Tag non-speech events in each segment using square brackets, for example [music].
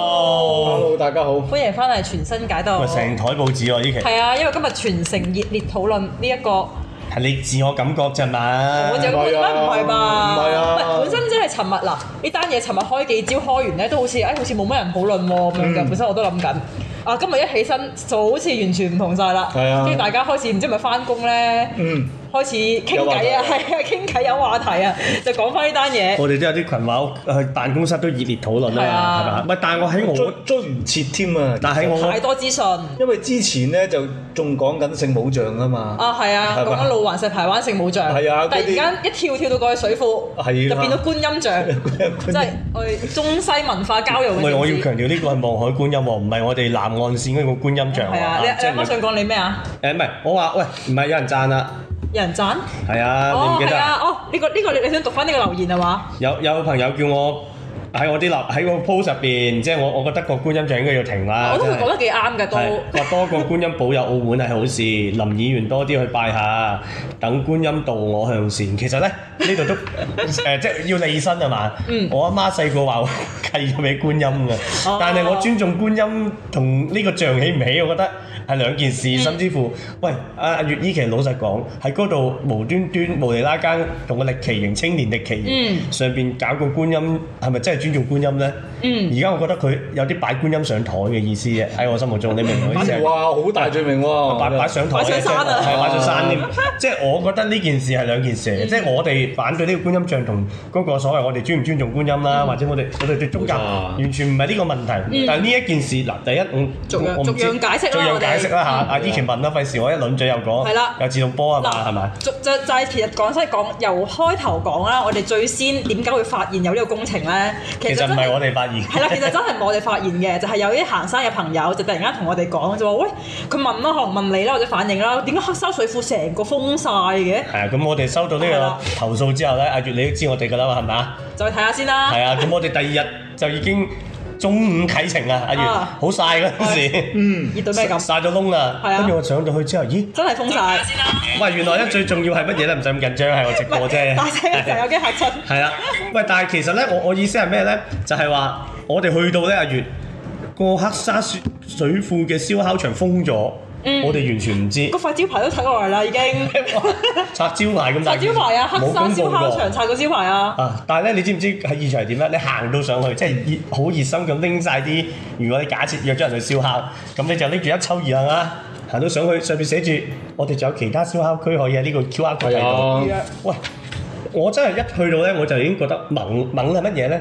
Hello，大家好，歡迎翻嚟傳新解毒。喂，成枱報紙喎呢期。係啊，因為今日全城熱烈討論呢、這、一個，係你自我感覺，咋嘛。我就我，咩唔係嘛，唔啊。唔、啊啊、本身真係尋日嗱，呢單嘢尋日開幾招，開完咧，都好似誒、哎，好似冇乜人討論喎、啊。咁就、嗯、本身我都諗緊，啊今日一起身就好似完全唔同晒啦。係啊、嗯。跟住大家開始唔知係咪翻工咧？嗯。開始傾偈啊，係傾偈有話題啊，就講翻呢單嘢。我哋都有啲群友去辦公室都熱烈討論啊嘛？唔但係我喺我追唔切添啊。但係我太多資訊。因為之前咧就仲講緊聖母像啊嘛。啊，係啊，講緊路環石排灣聖母像。係啊，突然間一跳跳到過去水庫，係就變咗觀音像，即係去中西文化交融。唔係，我要強調呢個係望海觀音，唔係我哋南岸線嗰個觀音像。係啊，你你我想講你咩啊？誒，唔係，我話喂，唔係有人讚啊。」有人讚？係啊，你唔記得。哦，啊，哦，呢個呢個，你你想讀翻呢個留言係嘛？有有朋友叫我喺我啲立喺個 post 入邊，即係我我覺得個觀音像應該要停啦。我都會覺得幾啱嘅都。話多個觀音保佑澳門係好事，林議員多啲去拜下，等觀音導我向善。其實咧呢度都誒，即係要利身啊嘛？嗯。我阿媽細個話我契咗俾觀音嘅，但係我尊重觀音同呢個像起唔起，我覺得，係兩件事，甚至乎，喂，阿阿月姨其實老實講，喺嗰度無端端無理拉更，同個歷奇形青年歷奇上邊搞個觀音，係咪真係尊重觀音咧？嗯，而家我覺得佢有啲擺觀音上台嘅意思嘅，喺我心目中你明唔明？嘩好大罪名喎，擺擺上台嘅即係擺咗山添，即係我覺得呢件事係兩件事，即係我哋反對呢個觀音像同嗰個所謂我哋尊唔尊重觀音啦，或者我哋我哋對宗教完全唔係呢個問題，但係呢一件事嗱，第一我我我逐樣解釋啦嚇，阿之前問啦，費事我一輪嘴又講，係啦了，又自動波吖嘛，係咪喏吧？就就就係其實講真講，由開頭講啦，我哋最先點解會發現有呢個工程咧？其實唔係我哋發現。係啦，其實真係唔係我哋發現嘅，就係、是、有啲行山嘅朋友就突然間同我哋講，就話喂，佢問啦，問問你啦，或者反映啦，點解黑沙水庫成個封晒嘅？係啊，咁我哋收到呢個投訴之後咧，阿的、啊、月你都知我哋噶啦嘛，係咪啊？就去睇下先啦。係啊，咁我哋第二日 [laughs] [laughs] 就已經。中午啟程啊，阿月，好晒嗰陣時，對嗯，熱到咩咁，曬咗窿啦，跟住、啊、我上咗去之後，咦，真係封晒。喂，原來咧最重要係乜嘢咧？唔使咁緊張，係我直播啫，喂啊、大聲嘅時候有機嚇親，係啦、啊啊，喂，但係其實咧，我我意思係咩咧？就係、是、話我哋去到咧，阿月個黑沙水水庫嘅燒烤場封咗。嗯、我哋完全唔知、啊，個塊招牌都睇過嚟啦，已經拆招牌咁大，拆招牌啊，黑沙燒烤場拆個招牌啊！啊，但係咧，你知唔知喺現場係點咧？你行到上去，即係熱好熱心咁拎晒啲。如果你假設約咗人去燒烤，咁你就拎住一抽二行啦，行到上去上面寫住我哋仲有其他燒烤區可以喺呢個 QR code，、啊、喂。我真係一去到咧，我就已經覺得懵懵，係乜嘢咧？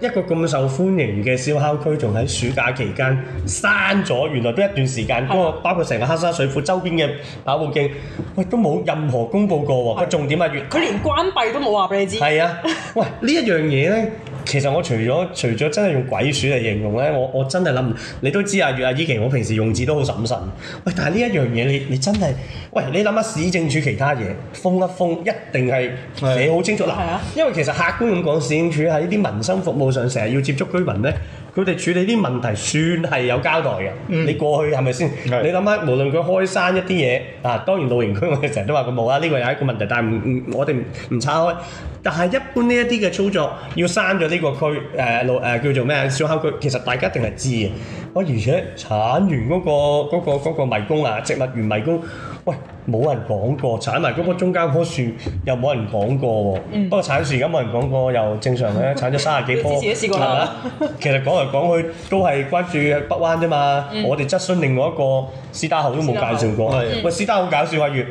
一個咁受歡迎嘅燒烤區，仲喺暑假期間刪咗，原來都一段時間，包括成個黑沙水庫周邊嘅跑步徑，喂都冇任何公佈過喎。個重點係，佢連關閉都冇話俾你知。係啊，喂這呢一樣嘢咧。其實我除咗除咗真係用鬼鼠嚟形容咧，我我真係諗你都知月阿阿姨琪，我平時用字都好審慎。喂，但係呢一樣嘢，你你真係，喂，你諗下市政署其他嘢封一封，一定係寫好清楚嗱。係啊。因為其實客觀咁講，市政署喺啲民生服務上，成日要接觸居民咧。佢哋處理啲問題算係有交代嘅。嗯、你過去係咪先？是的 你諗下，無論佢開山一啲嘢啊，當然露營區我哋成日都話佢冇啦，呢個有一個問題，但係唔唔，我哋唔唔拆開。但係一般呢一啲嘅操作，要閂咗呢個區，誒老誒叫做咩？燒烤區，其實大家一定係知嘅。啊，而且產完嗰個嗰個嗰個迷宮啊，植物園迷宮。喂，冇人講過，鏟埋嗰棵中間嗰棵樹又冇人講過、嗯、不過鏟樹而家冇人講過又正常嘅，鏟咗三十幾棵。你之前都試過啦。其實講嚟講去都係關注北灣啫嘛。嗯、我哋質詢另外一個斯丹後都冇介紹過。喂，嗯、斯丹好搞笑啊，月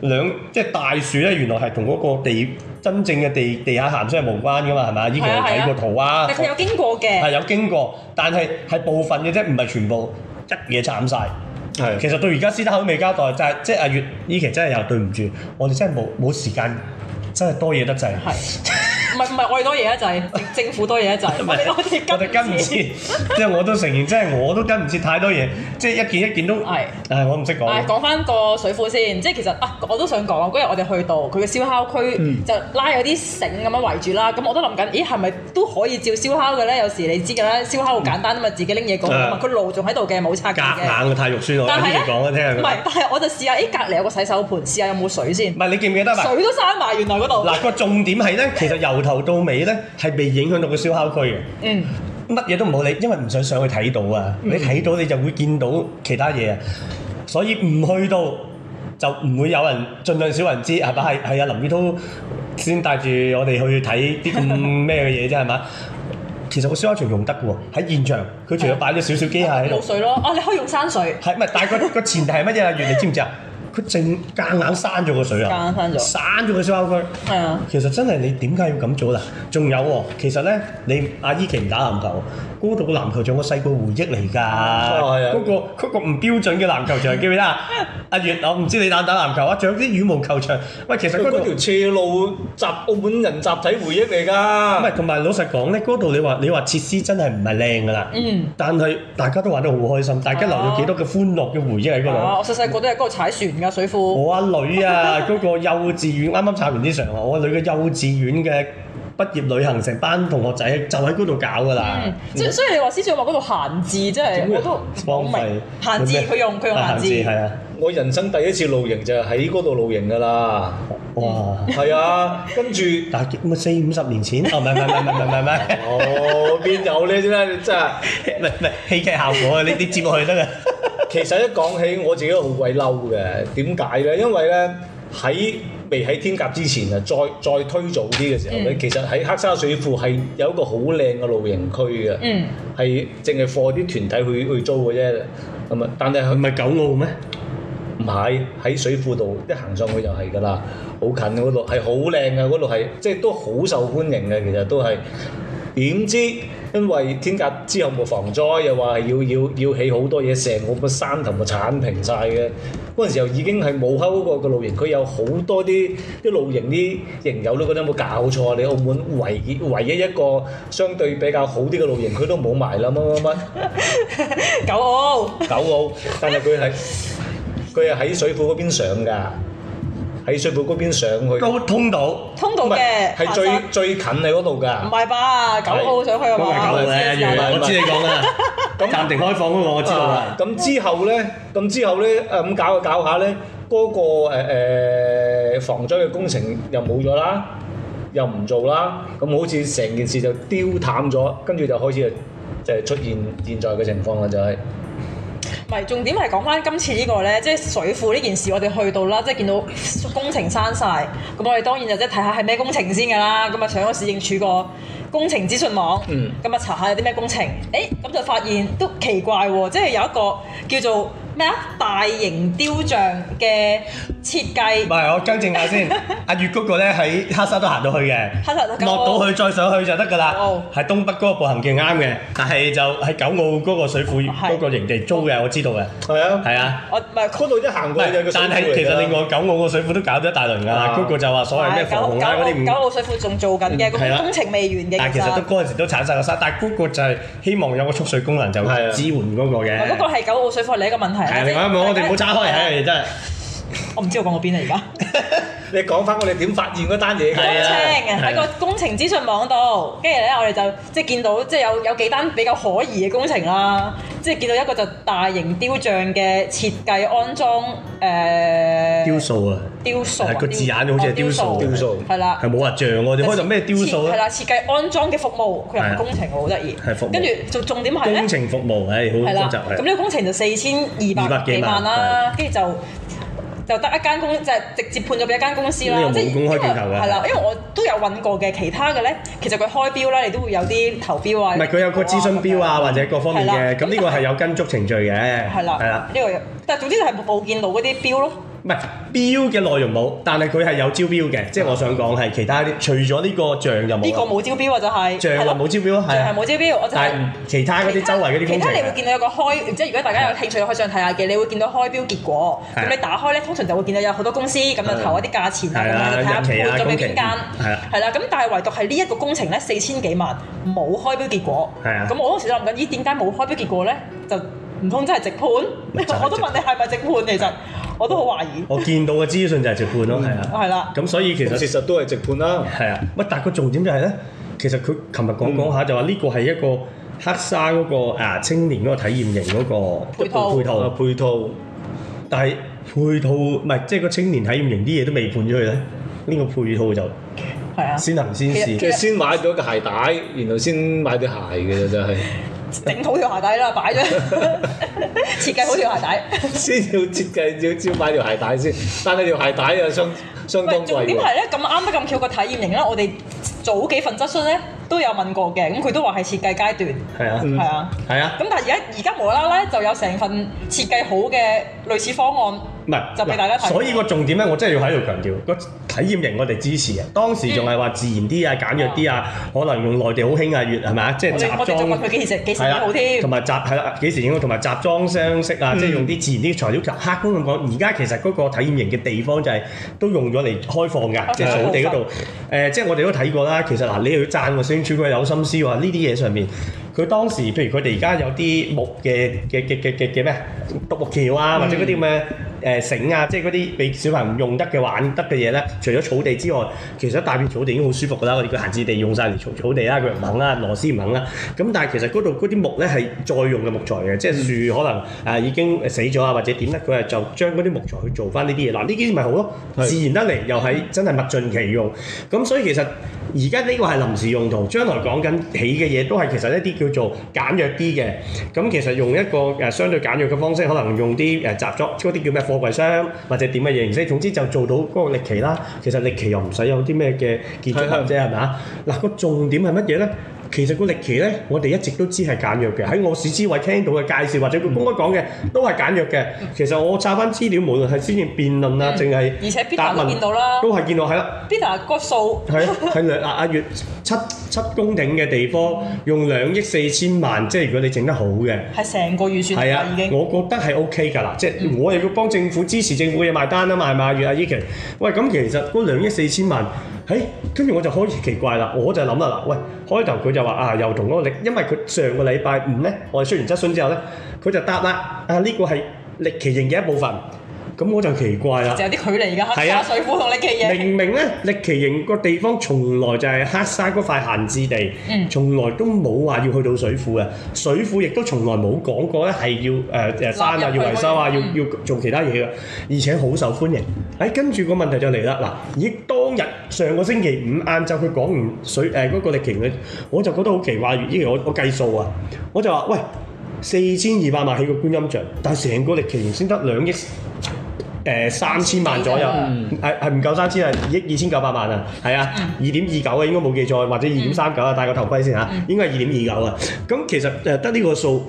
兩即係、就是、大樹咧，原來係同嗰個地真正嘅地地下鹹水係無關噶嘛，係咪啊？以前你睇過圖啊？係有經過嘅。係有經過，但係係部分嘅啫，唔係全部一嘢鏟晒。其實到而家私底下都未交代，就係、是、即係阿、啊、月依期真係又對唔住，我哋真係冇冇時間，真係多嘢得滯。係。 [laughs] 唔係唔係愛多嘢一陣，政府多嘢一陣。唔係，我哋跟唔切，即係我都承認，即係我都跟唔切太多嘢，即係一件一件都係。係，我唔識講。講翻個水庫先，即係其實啊，我都想講嗰日我哋去到佢嘅燒烤區，就拉有啲繩咁樣圍住啦。咁我都諗緊，咦係咪都可以照燒烤嘅咧？有時你知㗎啦，燒烤好簡單啊嘛，自己拎嘢講個爐仲喺度嘅，冇拆嘅。夾硬㗎，太肉酸我。但係咧，唔係，但係我就試下，咦隔離有個洗手盆，試下有冇水先。唔係你記唔記得啊？水都閂埋原來嗰度。嗱個重點係咧，其實又。由頭到尾咧係未影響到個燒烤區嘅，嗯，乜嘢都唔好理，因為唔想上去睇到啊！你睇到你就會見到其他嘢啊，所以唔去到就唔會有人，儘量少人知係咪？係係啊，林宇滔先帶住我哋去睇啲咁咩嘅嘢啫係嘛？其實個燒烤場用得嘅喎，喺現場佢除咗擺咗少少機械喺度，水咯，哦、啊，你可以用山水，係唔係？但係、個個 [laughs] 前提係乜嘢啊？原嚟專長。知唔知 [laughs] 佢淨夾硬刪咗個水啊！刪咗佢燒烤區。係啊，其實真係你點解要咁做啦？仲有喎，其實呢，你阿姨其唔打籃球。嗰度嘅籃球場，我細個回憶嚟㗎。嗰個嗰個唔標準嘅籃球場，記唔記得？阿月，我唔知你打唔打籃球啊？仲有啲羽毛球場。其實嗰條斜路集澳門人集體回憶嚟㗎。同埋老實講咧，嗰度你話你話設施真係唔係靚㗎啦。嗯。但係大家都玩得好開心，大家留咗幾多嘅歡樂嘅回憶喺嗰度。我細細個都喺嗰度踩船㗎，水庫。我阿女啊，嗰 [laughs] 個幼稚園啱啱踩完啲牆啊，我女嘅幼稚園嘅。畢業旅行成班同學仔就喺嗰度搞㗎啦，即係所以你話師長話嗰度閒置，即係荒廢。閒置佢用佢用閒置係啊！我人生第一次露營就喺嗰度露營㗎啦。哇！係啊，跟住但係四五十年前？啊唔係唔係唔係唔係唔係，哦邊有咧？真係真係唔係唔係戲劇效果啊！你啲接落去得㗎。其實一講起我自己都好鬼嬲嘅，點解咧？因為咧喺，未喺天鴿之前再，再推早啲嘅時候咧，嗯、其實喺黑沙水庫係有一個好靚嘅露營區嘅，係淨係貨啲團體去去租嘅啫，但係佢唔係九澳咩？唔係喺水庫度一行上去就係㗎啦，好近嗰度，係好靚嘅，嗰度係即係都好受歡迎嘅，其實都係點知？因為天格之後冇防災，又話係要要要起好多嘢，成個個山頭咪剷平晒嘅，嗰陣時候已經係冇開個個露營，佢有好多啲啲露營啲營友都覺得有冇搞錯啊！你澳門唯一唯一一個相對比較好啲嘅露營，佢都冇埋啦，乜乜乜九澳九澳，但係佢係佢係喺水庫嗰邊上㗎。喺水庫嗰邊上去，通道，通道嘅，係是上最最近你嗰度噶，唔係吧？九號上去啊嘛，九號嚟啊，我知你講啦， [laughs] 暫停開放嗰個我知道啦。咁、啊、之後咧，咁之後咧，誒咁搞，搞下搞下咧，嗰、那個誒誒防災嘅工程又冇咗啦，又唔做啦，咁好似成件事就丟淡咗，跟住就開始就出現現，現在嘅情況啦就係、是就是。唔係，重點係講翻今次呢、呢個呢，即係水庫呢件事我哋去到啦，即係見到工程閂晒，咁我哋當然就即係睇下係咩工程先㗎啦。咁啊上咗市政署個工程資訊網，咁啊、嗯、查下有啲咩工程，誒咁就發現都奇怪喎，即係有一個叫做。咩啊？大型雕像嘅設計唔係我更正下先。阿月姑姑咧喺黑沙都行到去嘅，黑沙都落到去再上去就得噶啦。係東北嗰個步行徑啱嘅，但係就喺九澳嗰個水庫嗰個營地租嘅，我知道嘅。係啊，係啊。我唔係嗰度都行過，但係其實另外九澳個水庫都搞咗一大輪噶。姑姑就話所謂咩防洪，但係我哋唔九澳水庫仲做緊嘅，個工程未完嘅。但係其實嗰陣時都產曬個沙，但係姑姑就係希望有個蓄水功能就支援嗰個嘅。嗰個係九澳水庫係另一個問題。係，另外唔好，我哋唔好拆開，係真係。我唔知我講到邊啊？而家 [laughs] 你講翻我哋點發現嗰單嘢？我聽喺個工程資訊網度，跟住咧我哋就即係見到，即係有有幾單比較可疑嘅工程啦、啊。即係見到一個就大型雕像嘅設計安裝誒，呃、雕塑啊，雕塑個、啊、雕字眼好似係雕塑，雕塑係啦，係冇話像嘅、啊，唔就可以就咩雕塑咧，係啦，設計安裝嘅服務佢又係工程，好得意，係服務，跟住就重點係工程服務係好複雜，咁呢個工程就四千二百幾萬啦，跟住了就。就得一間公司，就係直接判咗畀一間公司啦。冇公開頭，即係因為係啦，因為我都有揾過嘅。 [laughs] 其他嘅咧，其實佢開標啦，你都會有啲投標啊。唔係佢有個諮詢標啊，或者各方面嘅。咁呢的個係有跟足程序嘅。係啦，係啦。呢個，但係總之係報建路嗰啲標咯。唔係標嘅內容冇，但係佢係有招標嘅，嗯、即係我想講係其他啲，除咗呢個像又冇，呢個冇招標啊就係、是，像又冇招標，像係冇招標，我就係其他嗰啲周圍嗰啲其，其他你會見到有個開，即係如果大家有興趣去以上睇下嘅，你會見到開標結果，咁的你打開咧通常就會見到有好多公司咁樣投一啲價錢啊咁樣睇下報咁樣邊間，係啦，啦、啊，咁但係唯獨係呢一個工程咧四千幾萬冇開標結果，係啊的，咁我當時就諗緊咦點解冇開標結果咧就。唔通真係直判？我都問你係咪直判？其實我都好懷疑。我見到嘅資訊就係直判咯，係啦。係啦。咁所以其實其實都係直判啦。係啊。乜？但係個重點就係咧，其實佢琴日講講下就話呢個係一個黑沙嗰個啊青年嗰個體驗型嗰個配套配套配套。但係配套唔係即係個青年體驗型啲嘢都未判咗佢咧，呢個配套就係啊，先行先試，即係先買咗個鞋帶，然後先買對鞋嘅，真係。整好條鞋帶啦，擺咗 [laughs] 設計好條鞋帶。 [laughs] 先要設計，先要先買條鞋帶先。但係條鞋帶又相相當貴。 [laughs] 重點係咧，咁啱得咁巧個體驗營啦，我哋。早幾份質詢咧都有問過嘅，咁佢都話係設計階段，係啊，係啊，係啊。咁但係而家而家無啦啦就有成份設計好嘅類似方案，唔係就俾大家睇。所以個重點咧，我真係要喺度強調個體驗型我哋支持嘅。當時仲係話自然啲啊、簡約啲啊，可能用內地好興啊，月係咪啊，即係集裝。我仲問佢幾時幾時好添？同埋集係啦，幾時應該同埋集裝箱式啊？即係用啲自然啲材料，客觀咁講。而家其實嗰個體驗型嘅地方就係都用咗嚟開放嘅，即係草地嗰度。誒，即係我哋都睇過啦。啊，其實嗱，你要贊喎，孫主管有心思喎，呢啲嘢上面，佢當時譬如佢哋而家有啲木嘅嘅嘅嘅嘅嘅咩，獨木橋啊，嗯、或者嗰啲咩。誒、呃、繩啊，即係嗰啲俾小朋友用得嘅玩得嘅嘢咧，除咗草地之外，其實大片草地已經好舒服噶啦。佢閒置地用晒嚟草草地啦，佢唔肯啦，螺絲唔肯啦。咁但係其實嗰度嗰啲木咧係再用嘅木材嘅，嗯、即係樹可能誒已經死咗啊，或者點咧，佢係就將嗰啲木材去做翻呢啲嘢。嗱，呢啲咪好咯，自然得嚟，又係真係物盡其用。咁是所以其實而家呢個係臨時用途，將來講緊起嘅嘢都係其實一啲叫做簡約啲嘅。咁其實用一個誒相對簡約嘅方式，可能用啲誒雜作嗰啲叫咩？貨櫃箱或者點嘅形式，總之就做到嗰個力期啦。其實力期又唔使有啲咩嘅結晶啫，係咪啊？嗱、那，個重點係乜嘢咧？其實個力奇咧，我哋一直都知係簡約嘅，喺我市之位聽到嘅介紹或者公開講嘅，都係簡約嘅。其實我查翻資料，無論係之前辯論啊，淨係、嗯，而且彼得見到啦，都係見到，係啦。彼得個數係啊，係兩阿月七七公頃嘅地方，用兩億四千萬，即係如果你整得好嘅，係成個預算係啊，已經。我覺得係 OK 㗎啦，嗯、即係我哋要幫政府支持政府嘅埋單賣賣啊嘛，係咪阿月阿 Erik 喂，咁其實嗰兩億四千萬。誒，跟住、哎、我就開始奇怪啦，我就諗啦嗱，喂，開頭佢就話、啊、又同嗰個力，因為佢上個禮拜五咧，我哋出完質詢之後咧，佢就答啦，啊呢、呢個係歷奇型嘅一部分。咁我就奇怪啦，就有啲距離㗎，黑沙、啊、水庫同力奇營。明明咧力奇營個地方從來就係黑沙嗰塊閒置地，嗯、從來都冇話要去到水庫嘅，水庫亦都從來冇講過咧係要誒誒山啊要維修啊、嗯、要要做其他嘢嘅，而且好受歡迎。誒、跟住個問題就嚟啦，嗱，咦，當日上個星期五晏晝佢講完水誒嗰、呃那個力奇嘅，我就覺得好奇怪，因為我我，我計數啊，我就話喂四千二百萬起個觀音像，但係成個力奇營先得兩億。誒、呃、三千萬左右，係係唔夠三千 2, 啊，二億二千九百萬啊，係啊，二點二九啊，應該冇記錯，或者二點三九啊，戴個頭盔先嚇，應該係二點二九啊。咁、嗯嗯、其實誒得呢個數，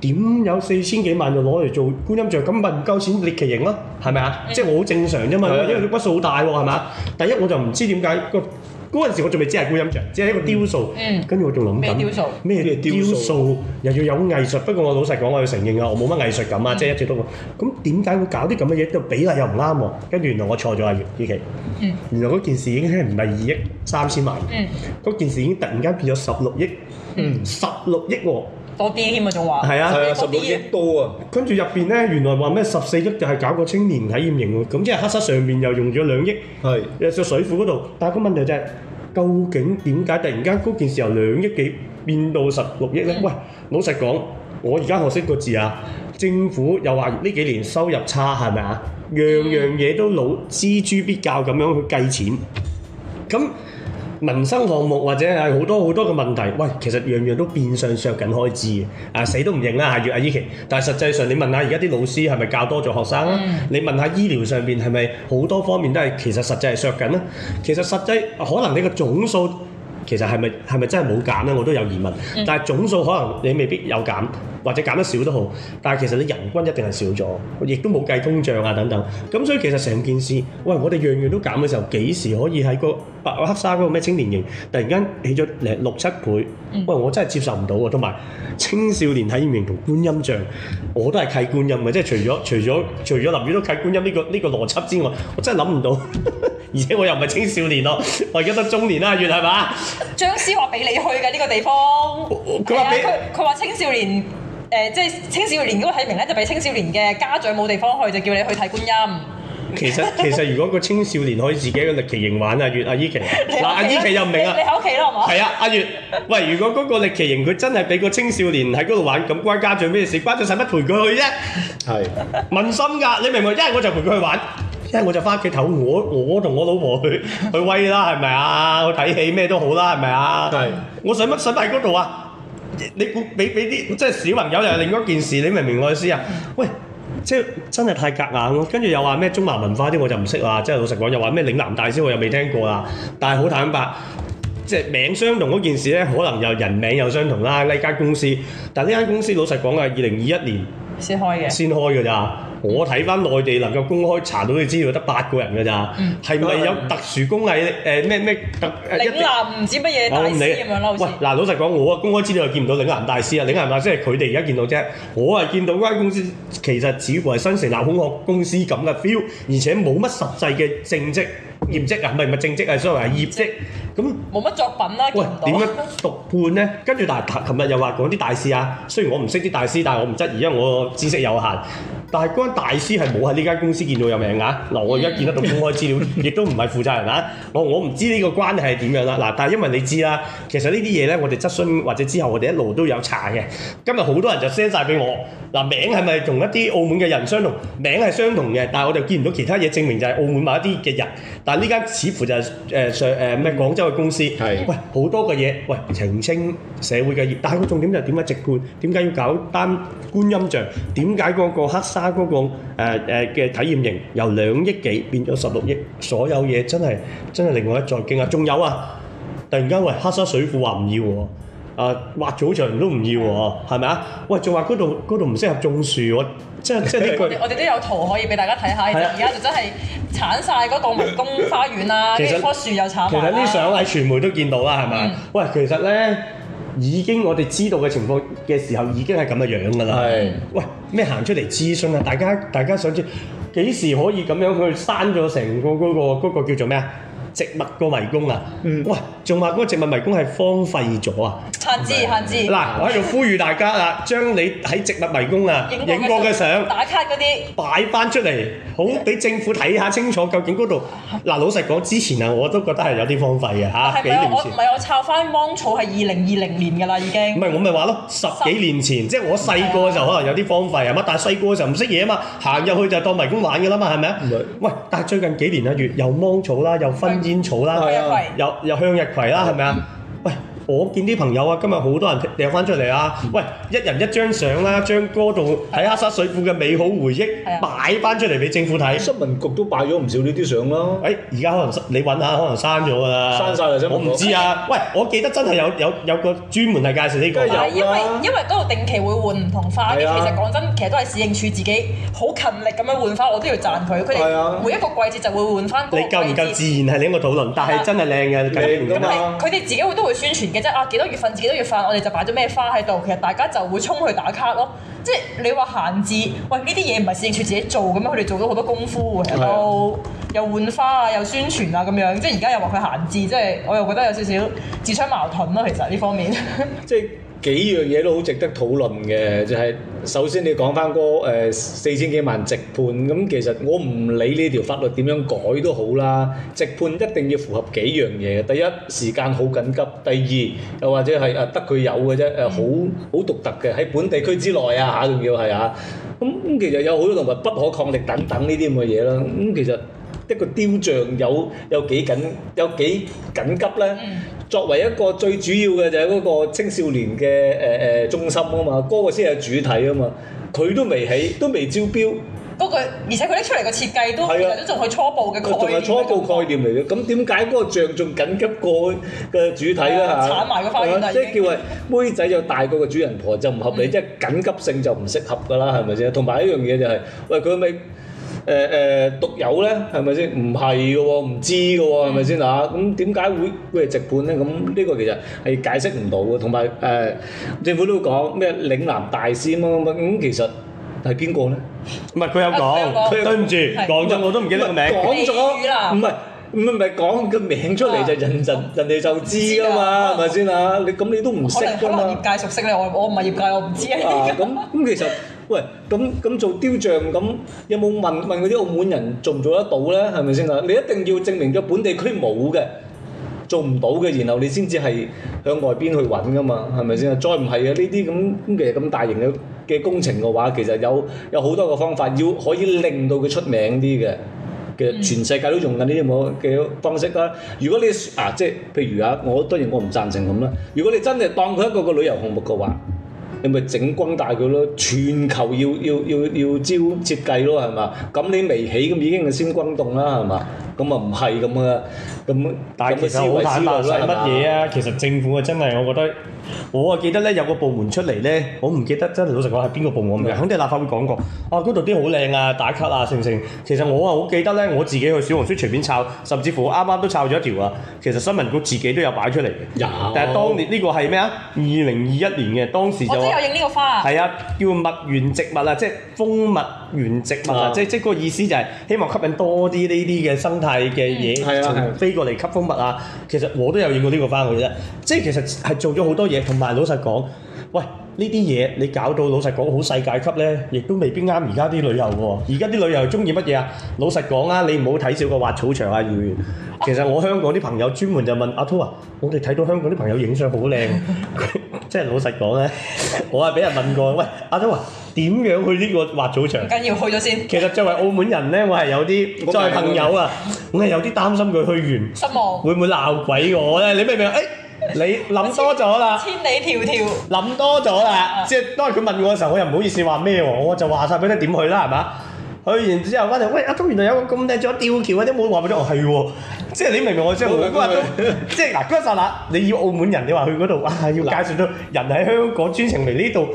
點有四千幾萬就攞嚟做觀音像？咁咪唔夠錢，劣其型咯，係咪啊？嗯、即係我好正常啫嘛，嗯、因為骨數大喎，係咪啊？嗯、第一我就唔知點解個。嗰陣時我仲未知係觀音像，只係一個雕塑，跟住、嗯嗯、我仲諗緊咩雕塑？咩啲雕塑，雕塑又要有藝術。不過我老實講，我要承認啊，我冇乜藝術感啊，嗯、即直都多咁點解會搞啲咁嘅嘢？個比例又唔啱喎。跟住原來我錯咗啊，月二期。嗯。原來嗰件事已經係唔係二億三千萬？嗯。嗰件事已經突然間變咗十六億。嗯。十六億喎、啊。多啲添啊，仲話係啊，十六億多啊，跟住入邊咧，原來話咩十四億就係搞個青年體驗營喎，咁即係黑沙上面又用咗兩億，係誒水庫嗰度，但係個問題就係，究竟點解突然間嗰件事由兩億幾變到十六億咧？喂，老實講，我而家學識個字啊，政府又話呢幾年收入差係咪啊？樣樣嘢都老錙銖必較咁樣去計錢，咁。民生項目或者係好多好多嘅問題，喂，其實樣樣都變相削緊開支，啊死都唔認啦，阿月、阿依琪，但係實際上你問下而家啲老師係咪教多咗學生啊？嗯、你問下醫療上面係咪好多方面都係其實實際係削緊咧？其實實際可能你個總數其實係咪係咪真係冇減呢？我都有疑問，但係總數可能你未必有減。或者減得少都好，但係其實你人均一定係少咗，亦都冇計通脹啊等等。咁所以其實成件事，喂，我哋樣樣都減嘅時候，幾時可以喺個白黑沙嗰個咩青年營突然間起咗六七倍？喂，我真係接受唔到啊！同埋青少年體驗營同觀音像，我都係契觀音嘅，即係除咗除咗除咗林宇都契觀音呢個呢個邏輯之外，我真係諗唔到。 [laughs] 而且我又唔係青少年咯，我而家都中年啦，原來係嘛？張師話俾你去嘅呢個地方，佢話俾佢話青少年。誒即係青少年嗰個體型咧，就俾青少年嘅家長冇地方去，就叫你去睇觀音。其實其實如果個青少年可以自己一個歷奇營玩，阿月、阿依琪，嗱啊依琪又唔明啊，你喺屋企好唔好？係啊，阿月，喂，如果嗰個歷奇營佢真係俾個青少年喺嗰度玩，咁關家長咩事？家長使乜陪佢去啫？係是問心㗎，你明唔明？一係我就陪佢去玩，一係我就翻屋企唞，我我同我老婆去去威啦，係咪啊？我睇戲咩都好啦，係咪啊？係是，我使乜使埋喺嗰度啊？你估俾俾啲即係小朋友，又係另一件事，你明唔明我意思啊？喂，即係真係太夾硬咯。跟住又話咩中華文化啲我就唔識啦。即係老實講，又話咩嶺南大師我又未聽過啦。但係好坦白，即係名相同嗰件事咧，可能又人名又相同啦。呢間公司，但係呢間公司老實講係二零二一年先開嘅，先開㗎咋。我睇翻內地能夠公開查到嘅資料，得八個人㗎咋？係唔係、嗯、有特殊工藝誒？咩咩、嗯？嶺、呃呃、南唔知乜嘢？我唔理嗱似，老實講，我嘅公開資料就見唔到嶺南大師啊！嶺南大師係佢哋而家見到啫，我係見到這間公司其實似乎係新成立空殼公司咁嘅 feel，而且冇乜實際嘅政績。業績啊，唔係唔係正職啊，所謂業績，咁冇乜作品啦、啊。喂，點樣讀判咧？跟住但，但，但，但，但，但說說係琴日又話講啲大師啊，雖然我唔識啲大師，但係我唔質疑，因為我知識有限。但係嗰啲大師係冇喺呢間公司見到有名啊。嗱，我而家見得到公開資料，亦都唔係負責人啊。我我唔知呢個關係係點樣啦。嗱，但係因為你知啦，其實呢啲嘢咧，我哋質詢或者之後我哋一路都有查嘅。今日好多人就 send 晒俾我，嗱，名係咪同一啲澳門嘅人相同？名係相同嘅，但係我就見唔到其他嘢證明就係澳門某一啲嘅人，但呢間似乎就係誒上誒咩廣州嘅公司，喂好多嘅嘢，喂澄清社會嘅熱，但係個重點就係點解直判，點解要搞單觀音像，點解嗰個黑沙嗰個誒誒嘅體驗營由兩億幾變咗十六億，所有嘢真係真係令我一再驚啊！仲有啊，突然間喂黑沙水庫話唔要喎，啊挖咗場都唔要喎，係咪啊？喂仲話嗰度嗰度唔適合種樹喎。即係即係呢個，我哋都有圖可以俾大家睇下。而家 [music] 就真係鏟晒嗰個迷宮花園啦，啊，一棵樹又鏟埋，其實呢啲相喺傳媒都見到啦，係咪？ [music] 喂，其實咧已經我哋知道嘅情況嘅時候已經係咁嘅樣㗎啦。 [music] 喂，咩行出嚟諮詢啊？大家大家想知道幾時可以咁樣去刪咗成個嗰、嗰個嗰個叫做咩啊？植物個迷宮啊，喂，仲話嗰個植物迷宮係荒廢咗啊？閒置，閒置。嗱，我喺度呼籲大家啊，將你喺植物迷宮啊影過嘅相，打卡嗰啲擺翻出嚟，好俾政府睇下清楚，究竟嗰度。嗱，老實講，之前啊，我都覺得係有啲荒廢嘅嚇，幾年前。唔係我唔係我抄翻芒草係二零二零年嘅啦，已經。唔係我咪話咯，十幾年前，即係我細個時候可能有啲荒廢啊，乜但係細個時候唔識嘢啊嘛，行入去就當迷宮玩嘅啦嘛，係咪啊？唔係。喂，但係最近幾年一月又芒草啦，又分。煙草啦，有又向日葵啦，係咪啊？嗯、喂！我見啲朋友啊，今日好多人掟翻出嚟啊！嗯、喂，一人一張相啦，將嗰度喺黑沙水庫嘅美好回憶擺翻出嚟俾政府睇。新聞局都擺咗唔少呢啲相咯。誒、哎，而家可能你揾下，可能刪咗噶啦。刪曬啦，我唔知啊。係啊。喂，我記得真係有有有個專門係介紹呢個。係啊，因為因為嗰度定期會換唔同花嘅，係啊。其實講真，其實都係市政署自己好勤力咁樣換花，我都要讚佢。佢哋每一個季節就會換翻。係啊。你夠唔夠自然係另一個討論，係啊。但係真係靚嘅，計唔得嘛。佢哋自己會都會宣傳嘅。即係啊，幾多月份，幾多月份，我哋就擺咗咩花喺度。其實大家就會衝去打卡咯。即係你話閒置，喂，呢啲嘢唔係攝影社自己做咁樣，佢哋做咗好多功夫，又 [laughs] 又換花啊，又宣傳啊咁樣。即係而家又話佢閒置，即係我又覺得有少少自相矛盾咯、啊。其實呢方面 [laughs] ，即係。幾樣嘢都好值得討論嘅，就係、是、首先你講翻個誒四千幾萬直判，咁、嗯、其實我唔理呢條法律點樣改都好啦。直判一定要符合幾樣嘢，第一時間好緊急，第二又或者係誒得佢有嘅啫，誒好好獨特嘅喺本地區之內啊，嚇，仲要係嚇。咁、嗯、其實有好多同埋不可抗力等等呢啲咁嘅嘢啦。咁、嗯、其實一個雕像有有幾緊有幾緊急咧？嗯作為一個最主要嘅就係嗰個青少年嘅誒誒中心啊嘛，嗰、那個先係主體啊嘛，佢都未起，都未招標，嗰、那個、而且佢拎出嚟嘅設計都係、啊、都仲係初步嘅概念，仲係初步概念嚟嘅。咁點解嗰個像仲緊急過嘅主體咧嚇？鏟埋個花園，即係叫話妹仔就大過個主人婆就唔合理，嗯、即係緊急性就唔適合㗎啦，係咪先？同埋一樣嘢就係、是、喂佢咪。誒誒獨有咧係咪先？唔係嘅喎，唔知嘅喎係咪先啊？咁點解會會係直判咧？咁呢個其實係解釋唔到嘅。同埋誒政府都講咩嶺南大師乜乜乜？咁其實係邊個咧？唔係佢有講，佢對唔住講咗我都唔記得個名。講咗唔係唔係唔係講個名出嚟就人人人哋就知㗎嘛？係咪先啊？你咁你都唔識㗎嘛？我係業界熟悉咧，我我唔係業界，我唔知啊。咁咁其實。喂，咁咁做雕像咁有冇問問嗰啲澳門人做唔做得到咧？係咪先啊？你一定要證明咗本地區冇嘅，做唔到嘅，然後你先至係向外邊去揾噶嘛？係咪先啊？再唔係啊，呢啲咁嘅咁大型嘅嘅工程嘅話，其實有有好多個方法要可以令到佢出名啲嘅。其實全世界都用緊呢啲冇嘅方式啦、啊。如果你啊，即係譬如啊，我當然我唔贊成咁啦。如果你真係當佢一個個旅遊項目嘅話，你咪整轟大佢咯，全球要要要要招設計咯，係嘛？咁你未起咁已經係先轟動啦，係嘛？咁啊唔係咁嘅，咁大嘅思維模式係乜嘢啊？其實,其實政府啊真係，我覺得。我啊記得咧有個部門出嚟咧，我唔記得真係老實講係邊個部門嚟，肯定立法會講過。啊，嗰度啲好靚啊，打卡啊，成唔成。其實我啊好記得咧，我自己去小紅書隨便抄，甚至乎我啱啱都抄咗一條啊。其實新聞局自己都有擺出嚟有但係當年呢、呢個係咩啊？二零二一年嘅當時就有影呢個花，啊。係啊，叫蜜源植物，植物啊，即係蜂蜜源植物啊，即即個意思就係希望吸引多啲呢啲嘅生態嘅嘢啊，嗯、飛過嚟吸蜂蜜啊。其實我都有影過呢個花嘅啫，即係其實係做咗好多嘢同埋老實講，喂，呢啲嘢你搞到老實講好世界級咧，亦都未必啱而家啲旅遊喎。而家啲旅遊中意乜嘢啊？老實講啊，你唔好睇少個滑草場啊，完。其實我香港啲朋友專門就問阿滔啊，我哋睇到香港啲朋友影相好靚，即係老實講咧，我係俾人問過，喂，阿滔啊，點樣去呢個滑草場？唔緊要去咗先。其實作為澳門人咧，我係有啲作為朋友啊，我係有啲擔心佢去完失望會唔會鬧鬼我咧？你明唔明？誒？你諗多咗啦，千里迢迢諗多咗啦，即係 [laughs] 當係佢問我嘅時候，我又唔好意思話咩喎，我就話晒俾你點去啦，係嘛？去完之後翻嚟，喂，啊東原度有個咁靚咗吊橋啊，啲冇話俾你，我係喎，即係你明唔明我即係？即係嗱，嗰一剎那，你要澳門人，你話去嗰度啊，要介紹到人喺香港專程嚟呢度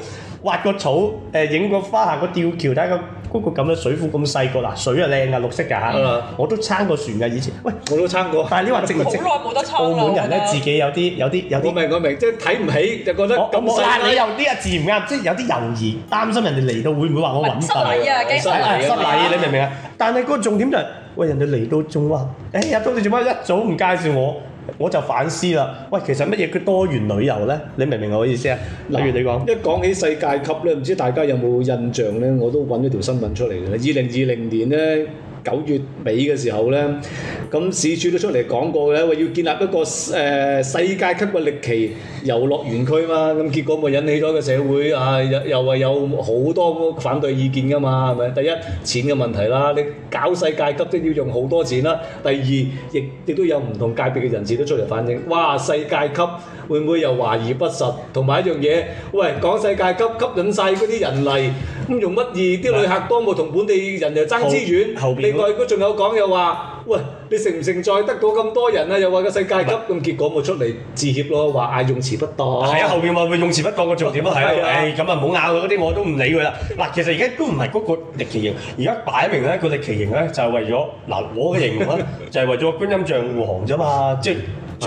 挖個草，誒影個花，下個吊橋睇個。不過咁嘅水庫咁細個嗱，水又靚啊，綠色㗎。我都撐過船㗎以前，喂，我都撐過。但係你話值唔值？好耐冇得撐啦。澳門人咧自己有啲有啲有啲，我明我明，即係睇唔起就覺得。我咁啱你有啲啊自然啱，即係有啲猶豫，擔心人哋嚟到會唔會話我揾笨。失禮啊，梗係失禮，你明唔明啊？但係嗰個重點就係，喂，人哋嚟到做乜？誒入到嚟做乜？一早唔介紹我。我就反思啦，喂，其實乜嘢叫多元旅遊呢？你明唔明我嘅意思啊？例喏如你講一講起世界級咧，唔知大家有冇印象呢？我都揾咗條新聞出嚟嘅。二零二零年呢，九月尾嘅時候呢。 [laughs] 咁市處都出嚟講過嘅，喂，要建立一個誒世界級嘅歷奇遊樂園區嘛，咁結果咪引起咗個社會啊，又又話有好多反對意見噶嘛，係咪？第一，錢嘅問題啦，你搞世界級都要用好多錢啦。第二，亦亦都有唔同界別嘅人士都出嚟反應，哇，世界級會唔會又華而不實？同埋一樣嘢，喂，講世界級吸引曬嗰啲人嚟，咁用乜嘢？啲旅客多冇同本地人又爭資源。後後邊，另外佢仲有講又話，喂。你成唔成再得到咁多人啊？又話個世界級咁，結果冇出嚟致歉咯，話嗌用詞不當。係啊，後面話會用詞不當嘅重點啊，係啊，咁啊唔好拗佢嗰啲，我都唔理佢啦。嗱，其實而家都唔係嗰個力奇形，而家擺明咧，個力奇形咧就係為咗嗱，我嘅形容就係為咗觀音像護航啫嘛，即係。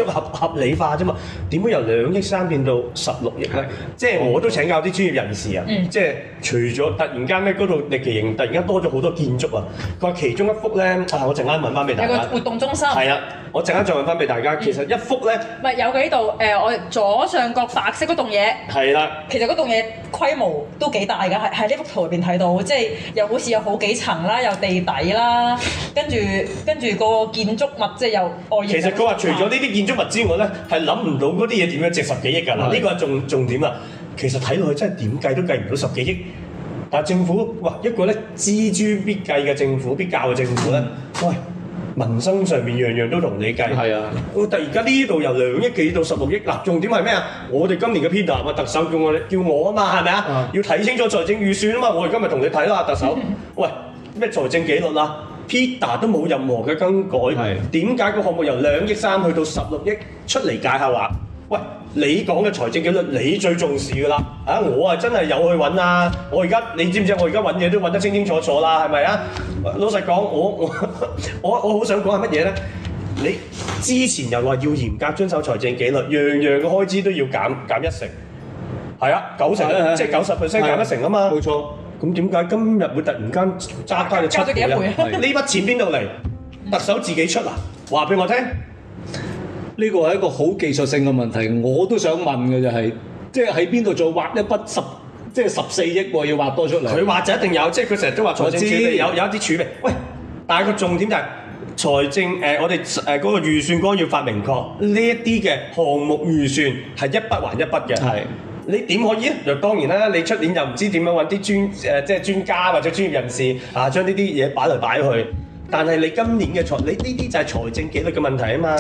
一個合合理化啫嘛？點會由兩億三變到十六億咧？即係我都請教啲專業人士啊！嗯、即係除咗突然間咧，嗰度地景突然間多咗好多建築啊！佢話其中一幅咧，啊，我陣間問翻俾大家個活動中心係啦、啊，我陣間再問翻俾大家。其實一幅咧，咪、嗯、有嘅呢度誒、呃，我左上角白色嗰棟嘢係啦，的其實嗰棟嘢規模都幾大㗎，係喺呢幅圖入邊睇到，即係又好似有好幾層啦，有地底啦，跟住跟住個建築物即係又，就是、外形。其實佢話除咗呢啲建築物之外咧，係諗唔到嗰啲嘢點樣值十幾億㗎嗱，呢是的 個係重重點啊！其實睇落去真係點計都計唔到十幾億，但係政府哇一個咧，錙銖必計嘅政府必較嘅政府咧，喂民生上面樣樣都同你計，我但而家呢度由兩億幾到十六億嗱、啊，重點係咩啊？我哋今年嘅編立啊，特首叫我你叫我啊嘛，係咪啊？是的 要睇清楚財政預算啊嘛，我哋今日同你睇啦，特首，喂咩財政紀律啦、啊？Peter 都冇任何嘅更改，點解是的 個項目由兩億三去到十六億出嚟解下話？喂，你講嘅財政紀律你最重視噶啦，啊，我啊真係有去揾啦、啊，我而家你知唔知我而家揾嘢都揾得清清楚楚啦，係咪啊？老實講，我我我我好想講係乜嘢咧？你之前又話要嚴格遵守財政紀律，樣樣嘅開支都要減減一成，係啊，九成即係九十 percent 減一成啊嘛的，冇錯。咁點解今日會突然間揸低咗幾多倍咧？呢筆錢邊度嚟？特首自己出啊？話俾我聽。呢個係一個好技術性嘅問題，我都想問嘅就係，即係喺邊度再挖一筆十，即係十四億喎，要挖多出嚟。佢挖就一定有，即係佢成日都話財政儲備有有一啲儲備。喂，但係個重點就係財政誒，我哋誒嗰個預算綱要發明確，呢一啲嘅項目預算係一筆還一筆嘅。係。你點可以？又當然啦，你出年又唔知點樣揾啲專誒、呃，即係專家或者專業人士啊，將呢啲嘢擺嚟擺去。但係你今年嘅財，你呢啲就係財政紀律嘅問題啊嘛。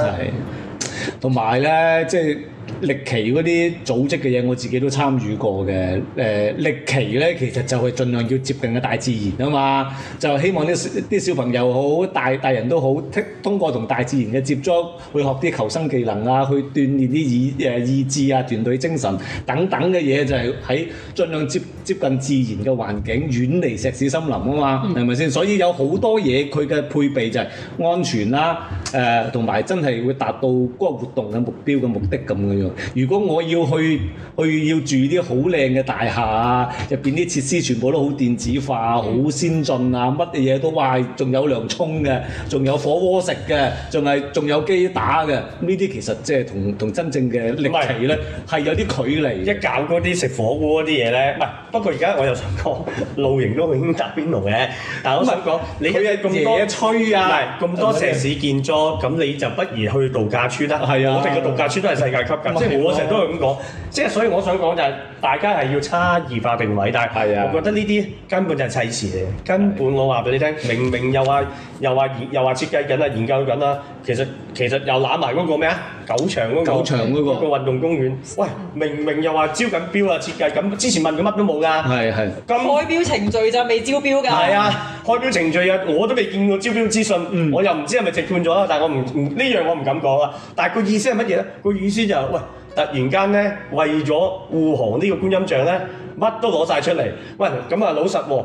同埋、嗯、係呢，即係。歷奇嗰啲組織嘅嘢，我自己都參與過嘅。誒、呃、歷奇咧，其實就係盡量要接近嘅大自然啊嘛，就希望啲啲小朋友好，大大人都好通過同大自然嘅接觸去學啲求生技能啊，去鍛煉啲意誒意志啊、團隊精神等等嘅嘢，就係、是、喺盡量接接近自然嘅環境，遠離石屎森林啊嘛，係咪先？嗯、所以有好多嘢佢嘅配備就係安全啦，誒同埋真係會達到嗰個活動嘅目標嘅目的咁樣樣。如果我要去去要住啲好靚嘅大廈啊，入邊啲設施全部都好電子化、好先進啊，乜嘢嘢都壞，仲有涼衝嘅，仲有火鍋食嘅，仲係仲有機打嘅，呢啲其實即係同同真正嘅力奇咧係有啲距離。一搞嗰啲食火鍋啲嘢咧，唔係，不過而家我又想講露營都已經搭邊爐嘅，但係我想講你咁多嘢吹啊，咁多城市建築咁你就不如去度假村啦。係啊，我哋個度假村都係世界級㗎。即係我成日都係咁講， [laughs] 即係所以我想講就係大家係要差異化定位，但係我覺得呢啲根本就係砌詞嚟，根本我話俾你聽，明明又話又話研又話設計緊啊，研究緊啊，其實。其實又攬埋嗰個咩啊？狗場嗰、那個，嗰、那個、個運動公園。喂，明明又話招緊標啊，設計咁，之前問過乜都冇㗎。係係是是 那。咁開標程序就未招標㗎。係啊，開標程序啊，我都未見過招標資訊，嗯、我又唔知係咪直判咗啦。但係我唔唔呢樣我唔敢講啦。但係個意思係乜嘢咧？意思就係、是、喂，突然間咧，為咗護航呢個觀音像咧，乜都攞曬出嚟。喂，咁啊老實喎。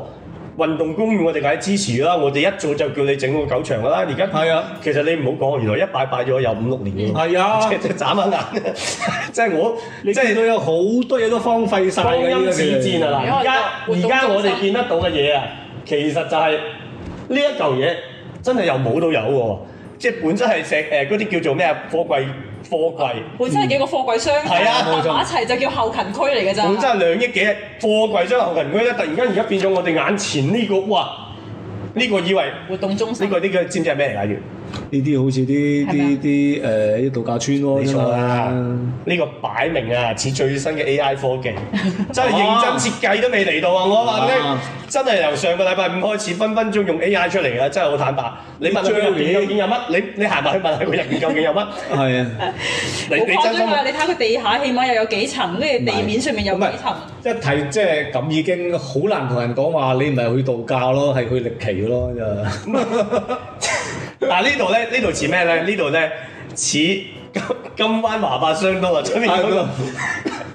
運動公園我哋梗係支持啦，我哋一早就叫你整個狗場啦。而家，係啊，其實你唔好講，原來一擺擺咗有五六年嘅。係啊，即係眨下眼。即係 [laughs] [laughs] 我，即係都有好多嘢都荒廢晒嘅呢個事件啊！嗱，而家而家我哋見得到嘅嘢啊，其實就係呢一嚿嘢真係由冇到有喎，即係本身係石誒嗰啲叫做咩啊貨櫃。貨櫃，貨櫃本身係幾個貨櫃箱，搭埋一齊就叫後勤區嚟嘅咋。本身係兩億幾貨櫃，將後勤區咧，突然間而家變咗我哋眼前呢個，哇！呢個以為活動中心，呢個呢個知唔知係咩嚟嘅？呢啲好似啲啲啲誒度假村咯，呢個擺明啊，似最新嘅 AI 科技，真係認真設計都未嚟到啊！我話你真係由上個禮拜五開始，分分鐘用 AI 出嚟啊！真係好坦白，你問佢入邊究竟有乜？你你行埋去問佢入邊究竟有乜？係啊，好誇張啊！你睇佢地下起碼又有幾層，跟住地面上面有幾層，一睇即係咁已經好難同人講話，你唔係去度假咯，係去歷奇咯就。嗱，呢度咧，呢度似咩咧？呢度咧似今金灣華發商都啊，出面嗰個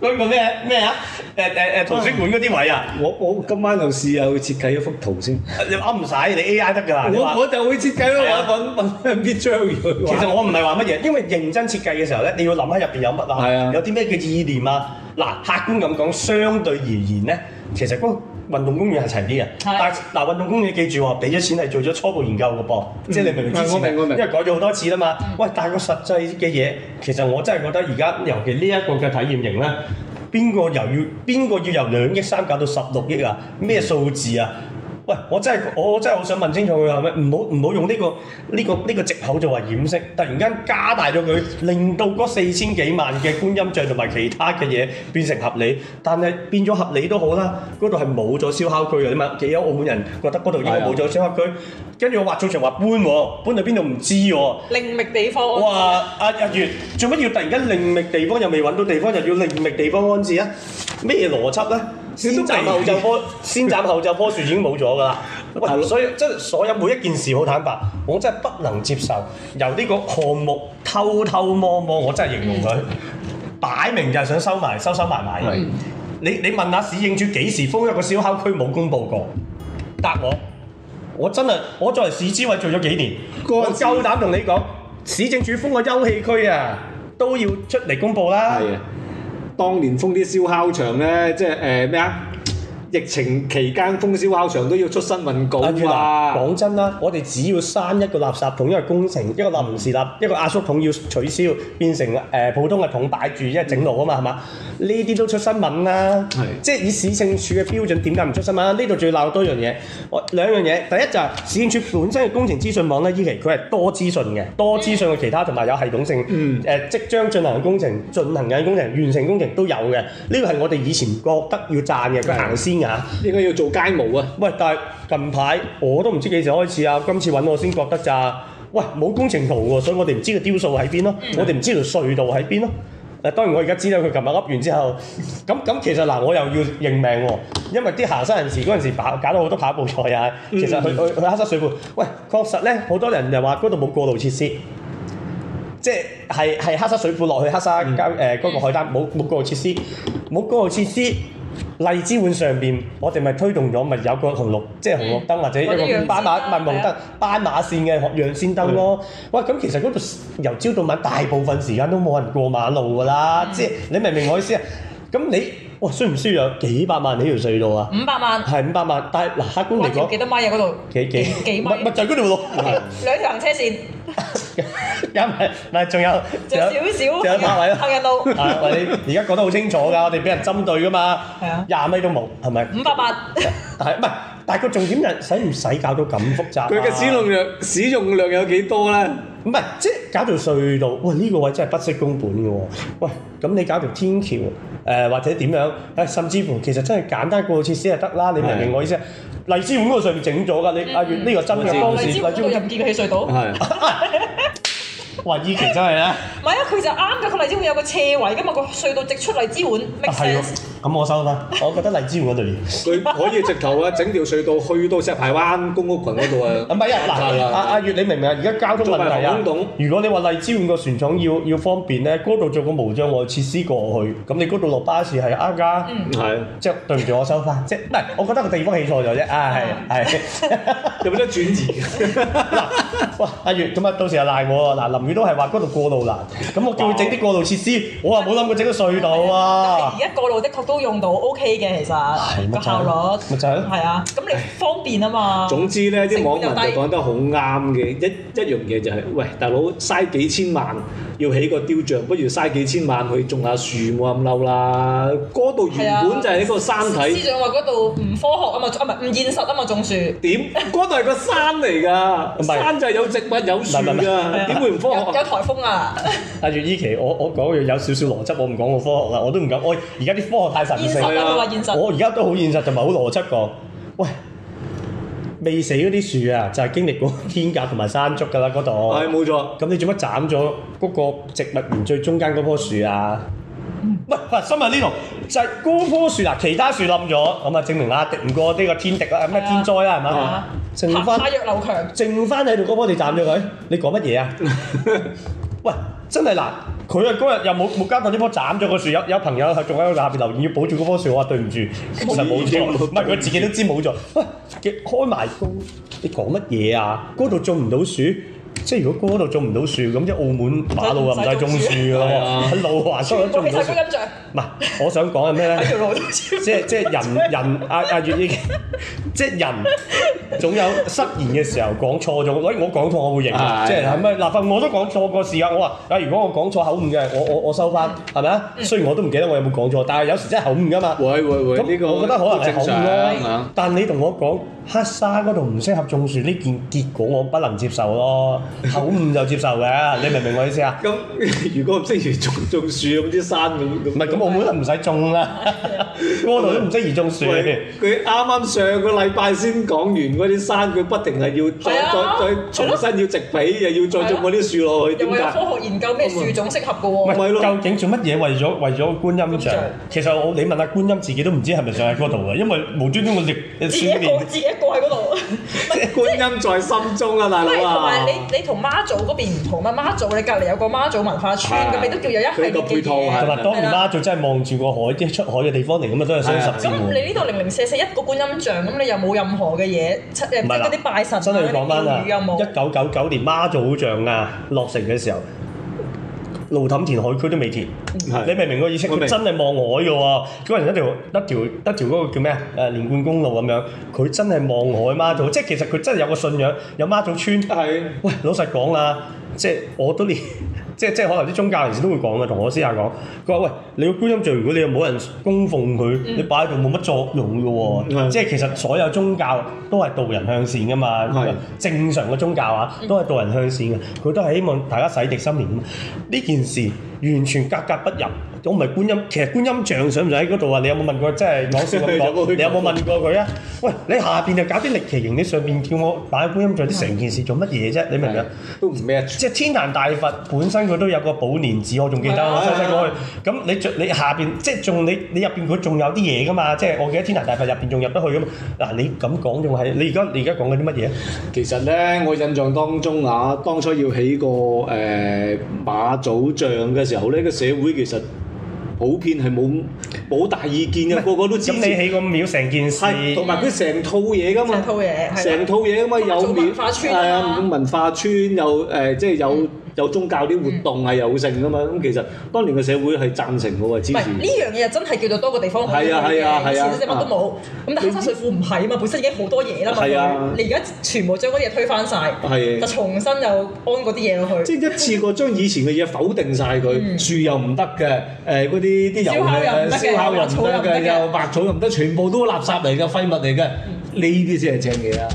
嗰個咩咩啊？誒誒誒圖書館嗰啲位啊！我我今晚就試下去設計一幅圖先。你啱唔曬？你 AI 得㗎？我說我就會設計一份編章語。啊、 [laughs] 其實我唔係話乜嘢，因為認真設計嘅時候咧，你要諗喺入邊有乜啊？係啊，有啲咩嘅意念啊？客觀咁講，相對而言呢，其實嗰個運動公園係齊啲嘅。係的，但運動公園記住喎，俾咗錢係做咗初步研究嘅噃，嗯、即你明唔明？係、嗯，我明，我明，因為改咗好多次啦嘛。喂，但係個實際嘅嘢，其實我真係覺得而家尤其呢一個嘅體驗型呢，邊個要邊個要由兩億三搞到十六億啊？咩數字啊？嗯喂，我真係我真係好想問清楚佢係咪，唔好唔好用呢個呢個呢個藉口作為掩飾，突然間加大咗佢，令到嗰四千幾萬嘅觀音像同埋其他嘅嘢變成合理，但係變咗合理都好啦，嗰度係冇咗燒烤區啊嘛，幾多澳門人覺得嗰度應該冇咗燒烤區，跟住我畫錯牆話搬喎，搬到邊度唔知喎，另覓地方。哇，阿阿月，做乜要突然間另覓地方又未揾到地方又要另覓地方安置啊？咩邏輯咧？先斬後奏棵，先斬後奏棵樹已經冇咗噶啦。所以即係所有每一件事，好坦白，我真係不能接受由呢個項目偷偷摸摸，我真係形容佢擺明就係想收埋，收收埋埋。 [laughs] 你你問下市政署幾時封一個燒烤區冇公佈過？答我，我真係我作為市之委做咗幾年，自我夠膽同你講，市政署封個休憩區啊，都要出嚟公佈啦。 [laughs] 當年封啲燒烤場咧，即係誒咩啊？呃疫情期間封燒烤場都要出新聞稿。嘛？講真啦，我哋只要刪一個垃圾桶，因為工程一個臨時立，一個壓縮桶要取消，變成誒、呃、普通嘅桶擺住，一、就、為、是、整路啊嘛，係嘛、嗯？呢啲都出新聞啦，即係以市政署嘅標準，點解唔出新聞啊？呢度仲要鬧多樣嘢，兩樣嘢，第一就係、是、市政署本身嘅工程資訊網咧，依期佢係多資訊嘅，多資訊嘅其他同埋有，有系統性，誒，嗯、即將進行工程、進行緊工程、完成工程都有嘅。呢個係我哋以前覺得要讚嘅佢行先。嗯應該要做街舞啊喂！喂，但係近排我都唔知幾時開始啊！今次揾我先覺得咋？喂，冇工程圖喎，所以我哋唔知個雕塑喺邊咯，嗯、我哋唔知條隧道喺邊咯。誒，當然我而家知道佢琴日噏完之後，咁咁其實嗱、呃，我又要認命喎。因為啲行山人士嗰陣時，時搞到好多跑步賽啊。嗯、其實去去去黑沙水庫，喂，確實咧，好多人又話嗰度冇過路設施，即係係係黑沙水庫落去黑沙交誒嗰個海灘冇冇過路設施，冇過路設施。荔枝碗上邊，我哋咪推動咗，咪有個紅綠，即係紅綠燈或者一個斑馬，咪紅燈斑馬線嘅讓先燈咯。喂，咁其實嗰度由朝到晚大部分時間都冇人過馬路噶啦，即係你明唔明我意思啊？咁你哇，需唔需要有幾百萬喺條隧道啊？五百萬，係五百萬。但係嗱，客觀嚟講，幾多米啊？嗰度幾幾幾米？咪咪就係嗰條路，兩條行車線。廿米嗱，仲 [laughs] 有仲少少，仲有百位咯，百日路、 [laughs] 啊、喂、你而家講得好清楚㗎，我哋俾人針對㗎嘛。係啊，廿米都冇，係咪？五百八。但係，唔係。但個重點係使唔使搞到咁複雜，啊？佢嘅使用量使用量有幾多咧？唔係即係搞條隧道，喂，呢、這個位真係不惜工本嘅喎。喂，咁你搞條天橋，誒、呃、或者點樣？誒，甚至乎其實真係簡單過渡設施就得啦。你明唔明我意思啊、嗯？荔枝碗嗰上面整咗㗎，你阿月呢個真嘅荔枝碗唔見佢起隧道。係是的。 [laughs] 哇！依期真係咧。咪 [laughs] [laughs] 啊！佢就啱咗佢荔枝碗有個斜位㗎嘛，個隧道直出荔枝碗，咩？ [laughs] 啊。咁 [noise] 我收翻，我覺得荔枝碗嗰度， [laughs] [noise] 可以直頭整條隧道去到石排灣公屋羣嗰度啊。唔係啊，嗱，阿月你明唔明啊？而家交通問題啊，如果你話荔枝碗個船廠要方便呢，嗰度做個無障礙設施過去，咁 Sand motion 你嗰度落巴士係啱㗎，係。即對唔住我收翻，即係唔係？我覺得地方起錯咗啫，唉，係，有冇轉移？嗱，阿月咁啊，到時又賴我啊。嗱，林宇都係話嗰度過路難，咁我叫佢整啲過路設施，我話冇諗過整個隧道啊。而家過路的確。都用到 OK 嘅，其實個效率，物像係啊，咁你方便啊嘛。總之咧，啲網民就講得好啱嘅，一一樣嘢就係，是，喂，大佬嘥幾千萬要起個雕像，不如嘥幾千萬去種下樹冇咁嬲啦。嗰度原本就係一個山體。司，啊、長話嗰度唔科學啊嘛，啊唔係唔現實啊嘛，種樹點？嗰度係個山嚟㗎， [laughs] 是山就係有植物有樹㗎，點 [laughs] 是會唔科學？ [laughs] [laughs] 有台風啊！阿月依期我，我我講嘢有少少邏輯，我唔講個科學啦，我都唔敢。我而家啲科學。現實，我而家都好現實，就唔係好邏輯個。喂，未死嗰啲樹啊，就係經歷過天鴿同埋山竹噶啦嗰度。係冇錯。咁你做乜斬咗嗰個植物園最中間嗰棵樹啊？喂，係，新聞呢度就係嗰棵樹嗱，其他樹冧咗，咁啊證明啦，敵唔過呢個天敵啊。咩天災啊？係咪？剩翻弱留強，剩翻喺度嗰棵地斬咗佢。你講乜嘢啊？喂，真係難。佢啊嗰日又冇木家檔呢棵斬咗個樹，有，有朋友係仲喺下面留言要保住嗰棵樹，我話對唔住，其實冇錯，唔係佢自己都知冇錯，喂、 [laughs] 啊，開埋，你講乜嘢啊？嗰度種唔到樹。即係如果嗰度種唔到樹，咁即係澳門馬路啊唔使種樹㗎啦，路還收得種唔到樹。唔係，我想講係咩咧？即係即係人人阿阿月英，即係人總有失言嘅時候，講錯咗。餵我講錯，我會認嘅，即係係咪立分？我都講錯過事啊！我話啊，如果我講錯口誤嘅，我我我收翻係咪啊？雖然我都唔記得我有冇講錯，但係有時真係口誤㗎嘛。喂喂喂，呢個我覺得可能係口誤咯。但你同我講黑沙嗰度唔適合種樹呢件結果，我不能接受咯。口誤就接受嘅，你明唔明我意思啊？咁如果唔適宜種種樹咁啲山咁，唔係咁澳門都唔使種啦。我女唔適宜種樹嘅，佢啱啱上個禮拜先講完嗰啲山，佢不停係要再再再重新要植皮，又要再種嗰啲樹落去。又咪有科學研究咩樹種適合嘅喎？唔係咯，究竟做乜嘢為咗為咗觀音上？其實我你問下觀音自己都唔知係咪上喺嗰度嘅，因為無端端我直。自己個自己個喺嗰度。觀音在心中啊，大佬啊！你同媽祖嗰邊唔同啊！媽祖你隔離有個媽祖文化村，咁的你都叫有一系列嘅配套係。當年媽祖真係望住個海啲出海嘅地方嚟，咁啊都係三十幾年。你呢度零零舍舍一個觀音像，咁你又冇任何嘅嘢，即係嗰啲拜神、拜廟宇又冇。一九九九年媽祖像啊落成嘅時候。路氹填海區都未填，嗯、你明唔明我意思？佢我未 真係望海嘅喎，嗰陣我未 一條一條一條嗰個叫咩啊？誒連貫公路咁樣，佢真係望海媽祖，即係其實佢真係有個信仰，有媽祖村。係，是的 喂，老實講啊，即係我都連。 [laughs] 即係即係，可能啲宗教人士都會講嘅，同我私下講，佢話：喂，你個觀音像如果你又冇人供奉佢，嗯、你擺喺度冇乜作用㗎喎、哦。嗯、即係其實所有宗教都係導人向善㗎嘛，是的 正常嘅宗教啊，都係導人向善嘅，佢都係希望大家洗滌心靈。呢件事，完全格格不入，我唔係觀音，其實觀音像上唔上喺嗰度啊？你有冇問過？即係講笑咁講，你有冇問過佢啊？喂，你下邊就搞啲力奇形，你上邊叫我擺觀音像，啲成件事做乜嘢啫？你明唔明啊？都唔咩？即係天壇大佛本身佢都有個寶蓮寺，我仲記得，我細細過去。咁你著你下邊即係仲你你入邊佢仲有啲嘢噶嘛？即係我記得天壇大佛入邊仲入得去噶嘛？嗱，你咁講仲係你而家你而家講緊啲乜嘢啊？其實咧，我印象當中啊，當初要起個誒馬祖像嘅。時候呢個社會其實普遍係冇冇大意見嘅，是個個都支持。咁你起個廟成件事，同埋佢成套嘢噶嘛？成套嘢，成套嘢噶嘛？有廟民，係啊，文化村有，誒、呃，即、就、係、是、有。嗯有宗教啲活動係有性㗎嘛？咁其實當年嘅社會係贊成嘅喎，支持。呢樣嘢，真係叫做多個地方。係啊係啊係啊！以前啲事都冇，咁但係黑沙水庫唔係啊嘛，本身已經好多嘢啦嘛。係啊！你而家全部將嗰啲嘢推翻曬，就重新又安嗰啲嘢落去。即係一次過將以前嘅嘢否定晒，佢，樹又唔得嘅，誒嗰啲啲油嘅，燒烤又唔得嘅，又白草又唔得，全部都垃圾嚟嘅廢物嚟嘅，呢啲先係正嘢啊！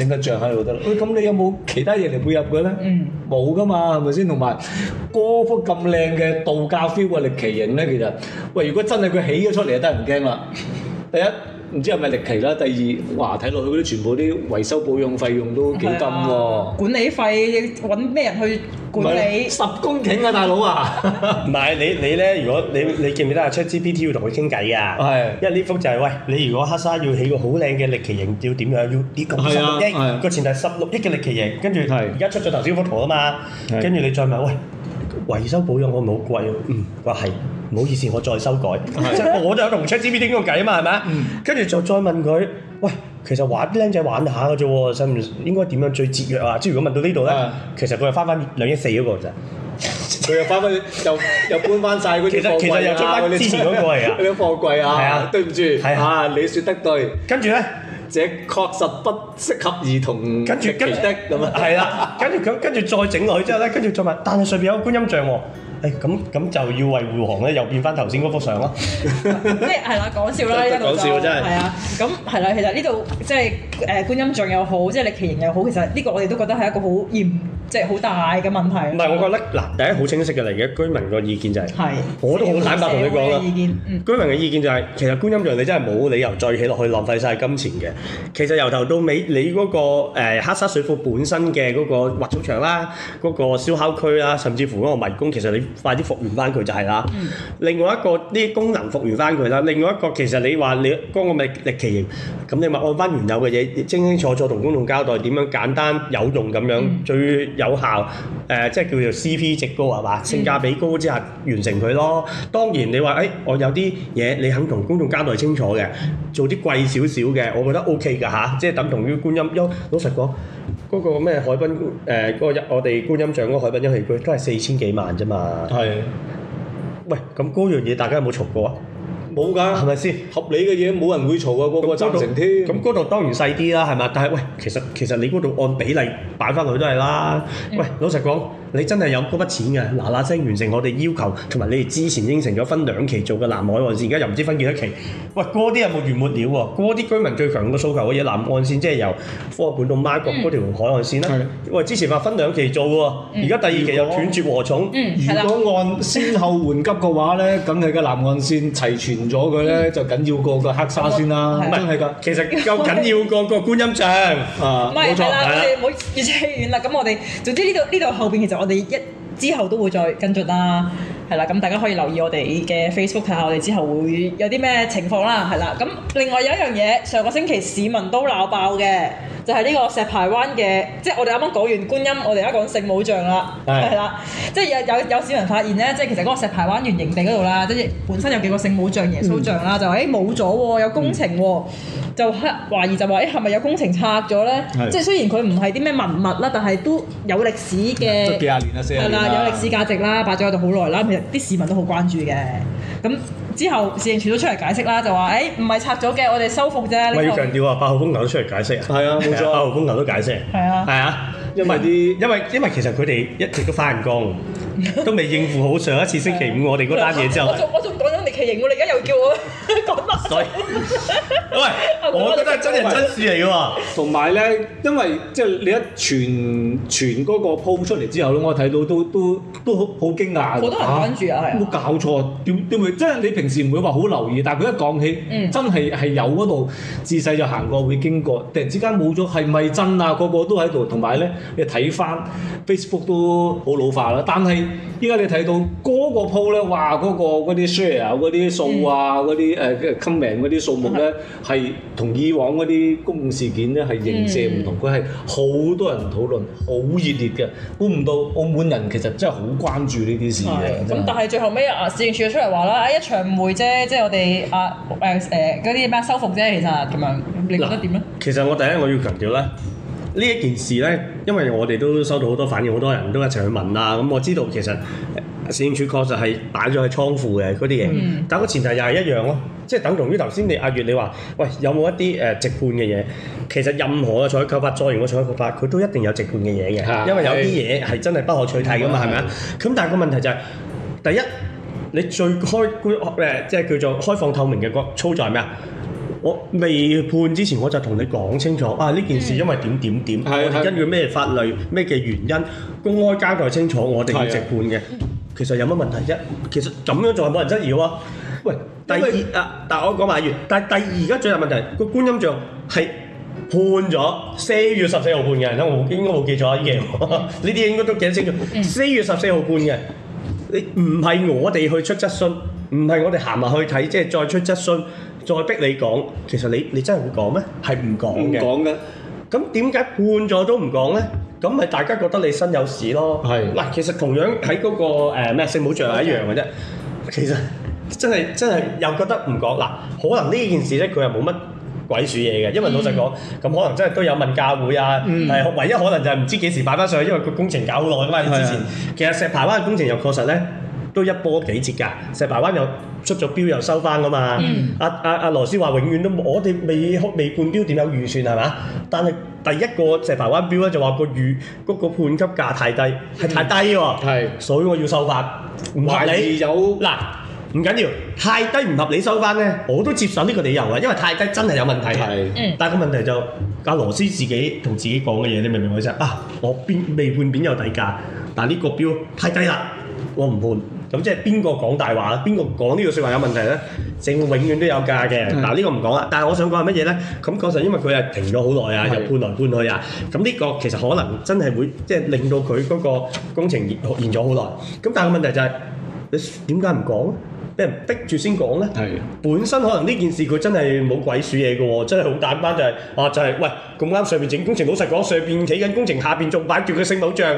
整個像喺度得啦，喂，咁、哎、你有冇其他嘢嚟配合佢咧？嗯，冇噶嘛，係咪先？同埋嗰幅咁靚嘅度假 feel 嘅、啊、力奇影咧，其實，喂，如果真係佢起咗出嚟，就真係唔驚啦。 [laughs] 第一唔知係咪歷奇啦，第二哇睇落去嗰啲全部啲維修保養費用都幾金喎，管理費揾咩人去管理十公頃啊大佬啊！唔係你你咧，如果你你記唔記得啊？ChatGPT 要同佢傾偈啊，因為呢幅就係喂，你如果黑沙要起個好靚嘅歷奇營，要點樣要啲咁十六億？個前提十六億嘅歷奇營，跟住而家出咗頭先幅圖啊嘛，跟住你再問喂。維修保養我唔好貴，嗯，話係，唔好意思，我再修改，我就同 ChatGPT 啲咁嘅計啊嘛，係咪啊？跟住就再問佢，喂，其實玩啲僆仔玩下嘅啫喎，使唔應該點樣最節約啊？即係如果問到呢度咧，其實佢係翻翻兩億四嗰個咋，佢又翻翻又又搬翻晒佢啲，其實其實又出翻之前嗰個嚟啊，嗰啲貨櫃啊，係啊，對唔住，啊，你說得對，跟住咧。這確實不適合兒童。跟住，跟住咁啊，係啦，跟住咁，跟住再整落去之後咧，跟住再問，但係上邊有個觀音像喎。咁、欸、咁就要為護航咧，又變翻頭先嗰幅相咯。 [laughs] 即係係啦，講笑啦呢度就，講笑，真係啊，咁係啦，其實呢度即係誒觀音像又好，即係歷奇形又好，其實呢個我哋都覺得係一個好嚴。即係好大嘅問題。唔係，我覺得嗱，第一好清晰嘅嚟嘅居民個意見就係，我都好坦白同你講啦。居民嘅意見，居民嘅意見就係，其實觀音像你真係冇理由再起落去浪費晒金錢嘅。其實由頭到尾，你嗰個誒黑沙水庫本身嘅嗰個滑草場啦，嗰個燒烤區啦，甚至乎嗰個迷宮，其實你快啲復原翻佢就係啦。另外一個啲功能復原翻佢啦。另外一個其實你話你嗰個咪逆其形，咁你咪按翻原有嘅嘢清清楚楚同公眾交代點樣簡單有用咁樣最有效誒，即係叫做 CP 值高係嘛？性價比高之下完成佢咯。當然你話誒，我有啲嘢你肯同公眾交代清楚嘅，做啲貴少少嘅，我覺得 OK 㗎嚇，即係等同於觀音優。老實講，嗰個咩海濱誒，嗰個一我哋觀音像嗰個海濱休憩區都係四千幾萬啫嘛。係。喂，咁嗰樣嘢大家有冇嘈過啊？冇噶，係咪先合理嘅嘢冇人會嘈啊！嗰個執添，咁嗰度當然細啲啦，係嘛？但係喂，其實其實你嗰度按比例擺翻落去都係啦。嗯、喂，嗯、老實講，你真係有嗰筆錢嘅嗱嗱聲完成我哋要求，同埋你哋之前應承咗分兩期做嘅南海岸線，而家又唔知分幾多期？喂，嗰啲有冇完沒了喎？嗰啲居民最強嘅訴求嘅嘢，南岸線即係由科學本到媽閣嗰條海岸線啦。嗯、的喂，之前話分兩期做喎，而家第二期又斷絕禾蟲。 [laughs] 如果按先後緩急嘅話咧，咁你嘅南岸線齊全。融咗佢咧，呢嗯、就緊要過個黑沙先啦，真係噶，其實夠緊要過個觀音像 [laughs] 啊，冇錯啊。唔係啦，的我哋唔好越扯越遠啦。咁 [laughs] 我哋總之呢度呢度後邊，其實我哋一之後都會再跟進啦。係啦，咁大家可以留意我哋嘅 Facebook 睇下，我哋之後會有啲咩情況啦。係啦，咁另外有一樣嘢，上個星期市民都鬧爆嘅，就係、是、呢個石排灣嘅，即係我哋啱啱講完觀音，我哋而家講聖母像啦，係啦的，即係有有有市民發現咧，即係其實嗰個石排灣圓形地嗰度啦，跟住本身有幾個聖母像、耶穌像啦，就誒冇咗喎，有工程喎，嗯、就係懷疑就話誒係咪有工程拆咗咧？的即係雖然佢唔係啲咩文物啦，但係都有歷史嘅，都幾廿年啦，四廿年啦，有歷史價值啦，擺咗喺度好耐啦，其實。啲市民都好關注嘅，咁之後市政署都出嚟解釋啦，就話誒唔係拆咗嘅，我哋修復啫。唔係喂要強調啊，八號風球都出嚟解釋啊，係啊冇錯，八號風球都解釋，係啊，係啊。因為啲，因為因為其實佢哋一直都翻緊工，都未應付好上一次星期五我哋嗰單嘢之後，我仲我就講緊李奇形喎，你而家又叫我講乜水？喂，我覺得係真人真事嚟喎。同埋咧，因為即係你一傳傳嗰個 po 出嚟之後咧，我睇到都都都好好驚訝，好多人關注啊，係冇、啊、的搞錯，點點會？即係你平時唔會話好留意，但係佢一講起，真係係有嗰度，嗯、自細就行過會經過，突然之間冇咗，係咪真啊？個個，個都喺度，同埋咧。你睇翻 Facebook 都好老化啦，但係依家你睇到嗰個 post 咧，哇嗰、那個嗰啲 share 嗰啲數啊，嗰啲誒 comment 嗰啲數目咧，係同、嗯、是以往嗰啲公共事件咧係映射唔同，佢係、嗯、好多人討論，好熱烈嘅。估唔到澳門人其實真係好關注呢啲事嘅。咁、啊、但係最後尾、就是、啊，事務處出嚟話啦，啊一場誤會啫，即係我哋啊誒誒嗰啲乜修復啫，其實咁樣，你覺得點咧？其實我第一我要強調咧。呢一件事呢，因為我哋都收到好多反應，好多人都一齊去問啦。咁、嗯、我知道其實市政處確實係擺咗喺倉庫嘅嗰啲嘢，嗯、但個前提又係一樣咯，哦，即係等同於頭先你阿月你話，喂有冇一啲誒、呃、直判嘅嘢？其實任何嘅採購法再完個採購法，佢都一定有直判嘅嘢嘅，啊、因為有啲嘢係真係不可取替噶嘛，係咪？咁但係個問題就係、是，第一你最開觀即係叫做開放透明嘅操作係咩啊？我未判之前，我就同你講清楚啊！呢件事因為點點點，我哋根據咩法律、咩嘅原因公開交代清楚，我哋直判嘅、嗯。其實有乜問題啫？其實咁樣做係冇人質疑喎。喂，為第二啊，但係我講埋完，但係第二而家最大問題個觀音像係判咗四月十四號判嘅，我應該冇記錯呢、啊、啲、嗯、 [laughs] 應該都記得清楚。四月十四號判嘅，你唔係我哋去出質詢，唔係我哋行埋去睇，即係再出質詢。再逼你講，其實你你真係會講咩？係唔講嘅。唔講嘅。咁點解判咗都唔講咧？咁咪大家覺得你身有屎咯？係。嗱，其實同樣喺嗰個、呃、咩、聖母像係一樣嘅啫。其實真係真係又覺得唔講。嗱，可能呢件事咧佢又冇乜鬼鼠嘢嘅，因為老實講，咁、嗯、可能真係都有問教會啊。嗯。唯一可能就係唔知幾時擺翻上去，因為個工程搞好耐㗎嘛。係。之前其實石排灣嘅工程又確實咧。都一波幾折㗎，石排灣又出咗標又收翻㗎嘛？阿阿阿羅斯話永遠都我哋未開未判標，點有預算係嘛？但係第一個石排灣標咧，就話個預嗰個判級價太低，係太低喎，係，所以我要收翻，唔合理有。嗱，唔緊要，太低唔合理收翻咧，我都接受呢個理由嘅，因為太低真係有問題。係，但係個問題就阿羅斯自己同自己講嘅嘢，你明唔明我意思啊？啊，我邊未判邊有底價，但係呢個標太低啦，我唔判。咁即係邊個講大話咧？邊個講呢句説話有問題咧？政府永遠都有㗎嘅。嗱呢是的 個唔講啦。但係我想講係乜嘢呢？咁確實因為佢係停咗好耐啊，是的 又搬來搬去啊。咁呢個其實可能真係會即係令到佢嗰個工程延延咗好耐。咁但係個問題就係、是、你點解唔講？俾人逼住先講呢，的本身可能呢件事佢真係冇鬼鼠嘢嘅喎，真係好簡單就係、是、啊，就係、是、喂咁啱上面整工程，老實講上邊企緊工程，下邊仲擺住個聖母像，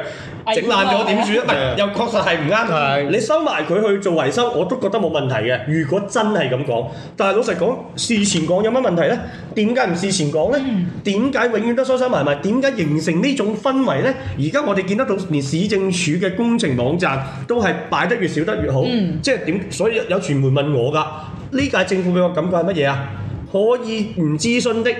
哎、呀整爛咗點算啊？又確實係唔啱，的你收埋佢去做維修我都覺得冇問題嘅。如果真係咁講，但係老實講，事前講有乜問題呢？點解唔事前講呢？點解、嗯、永遠都收收埋埋？點解形成呢種氛圍呢？而家我哋見得到連市政署嘅工程網站都係擺得越少得越好，即係點？所以。所以所以所以所以有傳媒問我㗎，呢屆政府俾我感覺係乜嘢啊？可以唔諮詢的，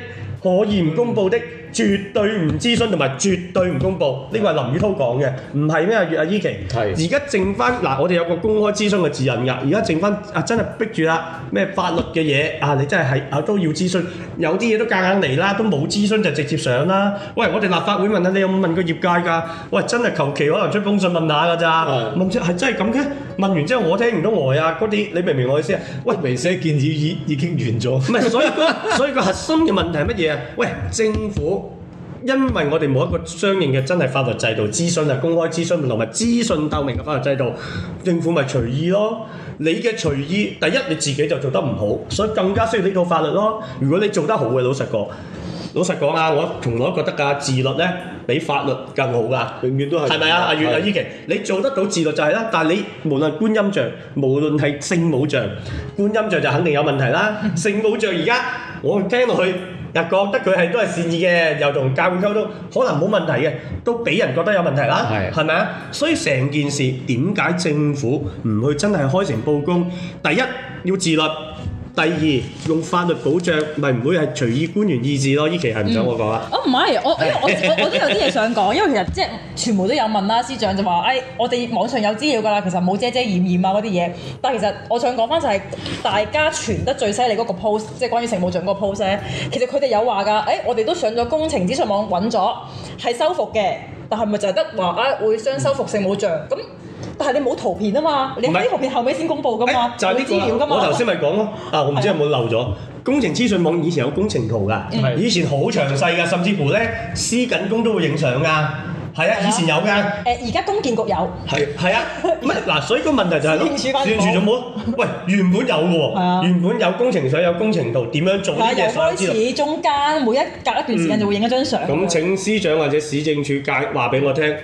可以唔公布的。絕對唔諮詢同埋絕對唔公布，呢個係林宇滔講嘅，唔係咩啊月啊依期。係而家剩返嗱，我哋有個公開諮詢嘅指引㗎，而家剩返啊真係逼住啦，咩法律嘅嘢啊，你真係係、啊、都要諮詢，有啲嘢都夾硬嚟啦，都冇諮詢就直接上啦。喂，我哋立法會問啊，你有冇問過業界㗎？喂，真係求其可能出封信問下㗎咋是？問出係真係咁嘅？問完之後我聽唔到外啊嗰啲，你明唔明我意思？喂，微西建議已已經完咗。 [laughs] [laughs] 唔係，所以、嗰個所以個核心嘅問題係乜嘢啊？喂，政府。 [laughs] [laughs] 因為我哋冇一個相應嘅真係法律制度，諮詢啊公開諮詢同埋資訊透明嘅法律制度，政府咪隨意囉。你嘅隨意，第一你自己就做得唔好，所以更加需要呢套法律囉。如果你做得好嘅，老實講。老實講啊，我從來都覺得噶自律咧比法律更好噶，永遠都係係咪啊？阿遠啊，伊期是你做得到自律就係啦，但係你無論觀音像，無論係聖母像，觀音像就肯定有問題啦。聖母 [laughs] 像而家我聽落去又覺得佢係都係善意嘅，又同教會溝通，可能冇問題嘅，都俾人覺得有問題啦，係咪啊？所以成件事點解政府唔去真係開誠布公？第一要自律。第二用法律保障，咪唔會係隨意官員意志咯？依期係唔想我講啊？我唔係，我我我都有啲嘢想講，因為其實即、就、係、是、傳媒都有問啦。司長就話，誒、哎，我哋網上有資料㗎啦，其實冇遮遮掩掩啊嗰啲嘢。但係其實我想講翻就係大家傳得最犀利嗰個 post，即係關於聖母像嗰個 post 咧。其實佢哋有話㗎，誒、哎，我哋都上咗工程資訊網揾咗，係修復嘅。但係咪就係得話誒會雙修復聖母像咁？但係你冇圖片啊嘛，是你啲圖片後尾先公佈㗎嘛，欸、就係、是、啲、這個、資料㗎嘛。我頭先咪講咯，啊我唔知有冇漏咗工程資訊網以前有工程圖㗎，是的 以前好詳細㗎，的甚至乎呢，施的緊工都會影相㗎。係啊，以前有嘅。誒，而家公建局有。係係啊，乜嗱？所以個問題就係咯，轉住咗冇？喂，原本有嘅喎，原本有工程相、有工程圖，點樣做嘅嘢？係啊，由開始，中間每一隔一段時間就會影一張相。咁請司長或者市政署介話俾我聽，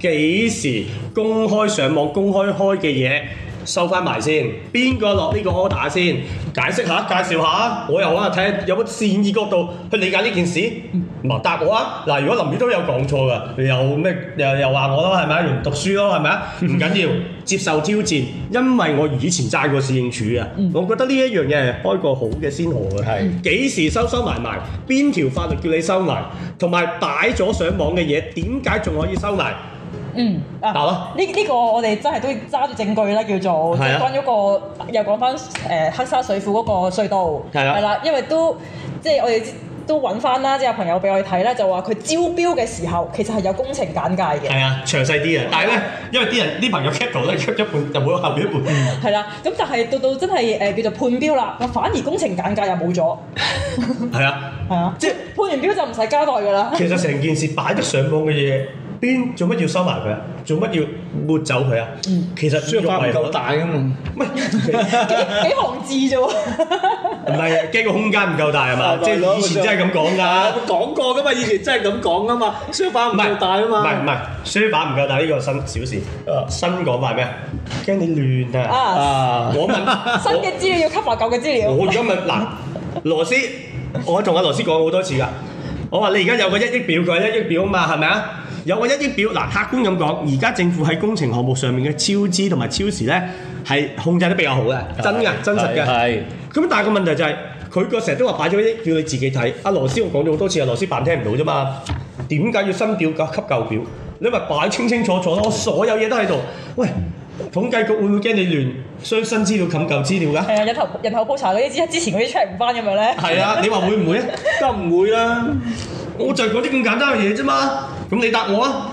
幾時公開上網、公開開嘅嘢？收翻埋先，邊個落呢個 order 先？解釋一下，介紹下，我又可能睇有乜善意角度去理解呢件事。嗯、答我得啊！如果林宇都有講錯嘅，又咩又又話我咯，係咪？唔讀書咯，是不是係咪啊？唔緊要，接受挑戰，因為我以前揸過市政署啊。嗯、我覺得呢一樣嘢係開個好嘅先河嘅，係幾、嗯、時收收埋埋？邊條法律叫你收埋？同埋擺咗上網嘅嘢，點解仲可以收埋？嗯，啊呢呢個我哋真係都要揸住證據啦，叫做即係關咗個又講翻誒黑沙水庫嗰個隧道，係啦，因為都即係我哋都揾翻啦，即係有朋友俾我哋睇啦，就話佢招標嘅時候其實係有工程簡介嘅，係啊，詳細啲啊，但係咧因為啲人啲朋友 caption 出咗一半，就冇後面一半，係啦，咁就係到到真係誒叫做判標啦，我反而工程簡介又冇咗，係啊，係啊，即係判完標就唔使交代噶啦，其實成件事擺得上網嘅嘢。邊做乜要收埋佢啊？做乜要抹走佢啊？其實書架唔夠大啊嘛！唔 [laughs] 係幾行字啫喎 [laughs] 唔係驚個空間唔夠大啊嘛？啊、即係以前真係咁講㗎。講過㗎嘛？以前真係咁講㗎嘛？書架唔夠大啊嘛？唔係唔係，書架唔夠大呢、個新小事。新講法咩啊？驚你亂啊！啊！ [laughs] 我問新嘅資料要吸埋舊嘅資料。 [laughs] 我而家問嗱，羅斯，我同阿羅斯講好多次㗎。我、哦、話你而家有個一億表，佢係一億表啊嘛，係咪啊？是有個一啲表嗱，客觀咁講，而家政府喺工程項目上面嘅超支同埋超時咧，係控制得比較好嘅。真嘅，真實嘅。係。咁但係個問題就係、是，佢個成日都話擺咗一啲，叫你自己睇。阿羅斯，我講咗好多次，阿羅斯扮聽唔到啫嘛。點解要新表夾吸舊表？你咪擺清清楚楚咯，我所有嘢都喺度。喂，統計局會唔會驚你亂將新資料冚舊資料㗎？係 [laughs] 啊，人口人口普查嗰啲之前嗰啲出嚟唔翻咁樣咧？係啊，你話會唔會？梗唔會啦，我就係講啲咁簡單嘅嘢啫嘛。咁你答我，答我啊？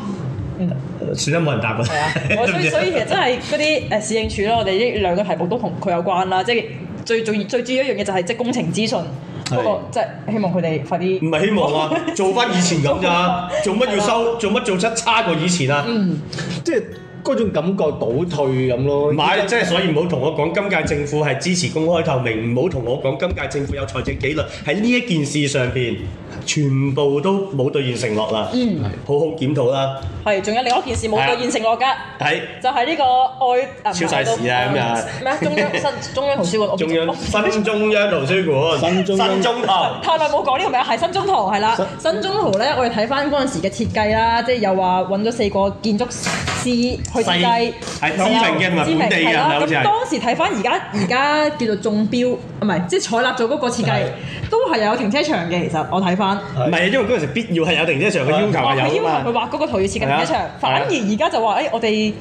嗯， [laughs] 算啦，冇人答我。係啊，我所所以其實真係嗰啲誒市政處啦，我哋呢兩個題目都同佢有關啦。即係最最最主要一樣嘢就係即工程資訊。是不過即希望佢哋快啲。唔係希望啊， [laughs] 做翻以前咁咋，啊？ [laughs] 做乜要收？ [laughs] 做乜做出差過以前啊？ [laughs] 嗯，即係。嗰種感覺倒退咁咯，唔係即係所以唔好同我講今屆政府係支持公開透明，唔好同我講今屆政府有財政紀律，喺呢一件事上邊全部都冇兌現承諾啦，嗯，好好檢討啦。係，仲有另一件事冇兌現承諾㗎，係就係呢個愛超曬時啊咁樣，咩啊？中央新中央圖書館，中央新中央圖書館，新中圖，太耐冇講呢個名，係新中圖係啦，新中圖咧，我哋睇翻嗰陣時嘅設計啦，即係又話揾咗四個建築師。佢設計係知名嘅嘛，本地人的好似係。咁像當時睇翻而家而家叫做中標，唔係即係採納咗嗰個設計， [laughs] 都係有停車場嘅。其實我睇翻，唔係的因為嗰陣時必要係有停車場嘅的要求有，有啊嘛。佢畫嗰個圖要設計停車場，反而而家就話誒、哎，我哋。